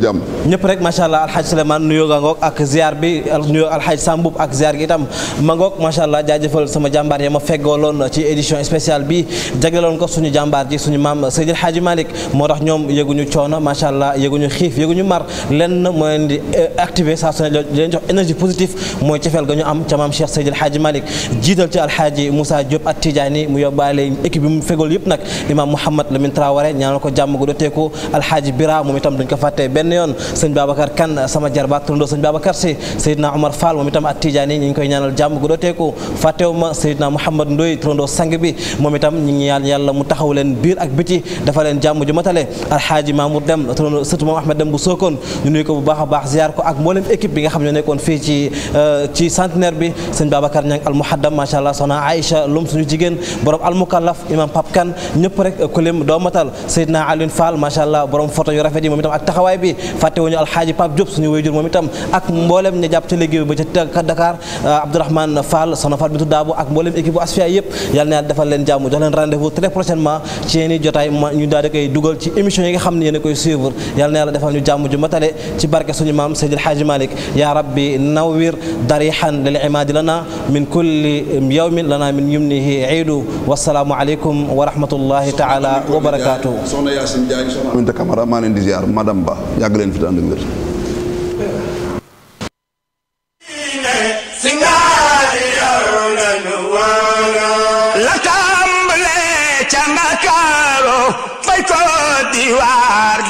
ngi di macha allah alxaaj Souleymane nuyoo nga ngoog ak ziar bi nuyoo alxaaj Sambub ak ziar gi itam ma ngoog macha allah jaajëfal sama jàmbaar ya ma feggooloon ci édition spéciale bi jagleloon ko suñu jàmbaar ji suñu maam Seydil Hadji Malick moo tax ñoom yëguñu coono macha allah yëguñu xiif yëguñu mar lenn moo leen di euh, activé saa su ne leen jox énergie positive mooy cefeel ga ñu am ca maam Cheikh Seydil Hadji Malick jiital ci alxaaji Moussa Diop at Tidiane mu yóbbaale équipe bi mu fegool yëpp nag imaam Mouhamed Lamine Traoré ñaanal ko jàmm gu doteeku alxaaji Bira moom itam duñ ko fàtte benn yoon sëñ Babacar Babacar Kane sama jarbaat turandoo sëñ Babacar si Seydina Omar Fall moom itam at Tijaani ñi koy ñaanal jàmm gu dooteeku fàttewuma Seydina Mouhamad Ndoy turandoo sang bi moom itam ñi ngi mu taxaw biir ak biti dafa leen jàmm Alxaaji Mamour Dem turandoo sëtu Ahmed Dem bu Sokone ñu nuyu bu baax a baax ziar ko ak mboolem équipe bi nga xam ne nekkoon fii ci euh, ci centenaire bi sëñ Babacar Ñang almuhaddam macha allah soxna Aïcha Lum suñu jigéen borom almukallaf imam Pap Kan ñëpp rek kulim doo matal Seydina Alioune Fall macha allah yu rafet yi moom itam Pape Diop suñu wayjur moom itam ak mboolem ña jàpp ca liggéey ba ca Dakar euh, Abdourahmane faal soxna Fatou Bintou Dabo ak mboolem équipe bu Asfiya yal na yàlla defal leen jàmm jox leen rendez-vous très prochainement ci yéen i jotaay ñu daal di koy dugal ci émission yi nga xam ne yéen a koy suivre yal na yàlla defal ñu jàmm ju matale ci barke suñu maam Seydil Hadji Malick yaa rabbi nawwir darihan lil imaadi lana min kulli yawmin lana min yumnihi iidu wasalaamu aleykum wa rahmatullahi taala wa barakaatuhu soxna Yacine Diagne soxna di ziar madame Ba yàgg leen fi tànd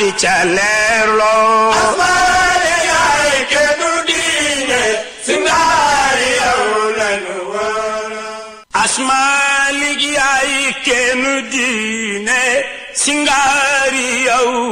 di ca leerloo. asmaane yaay kennu diine si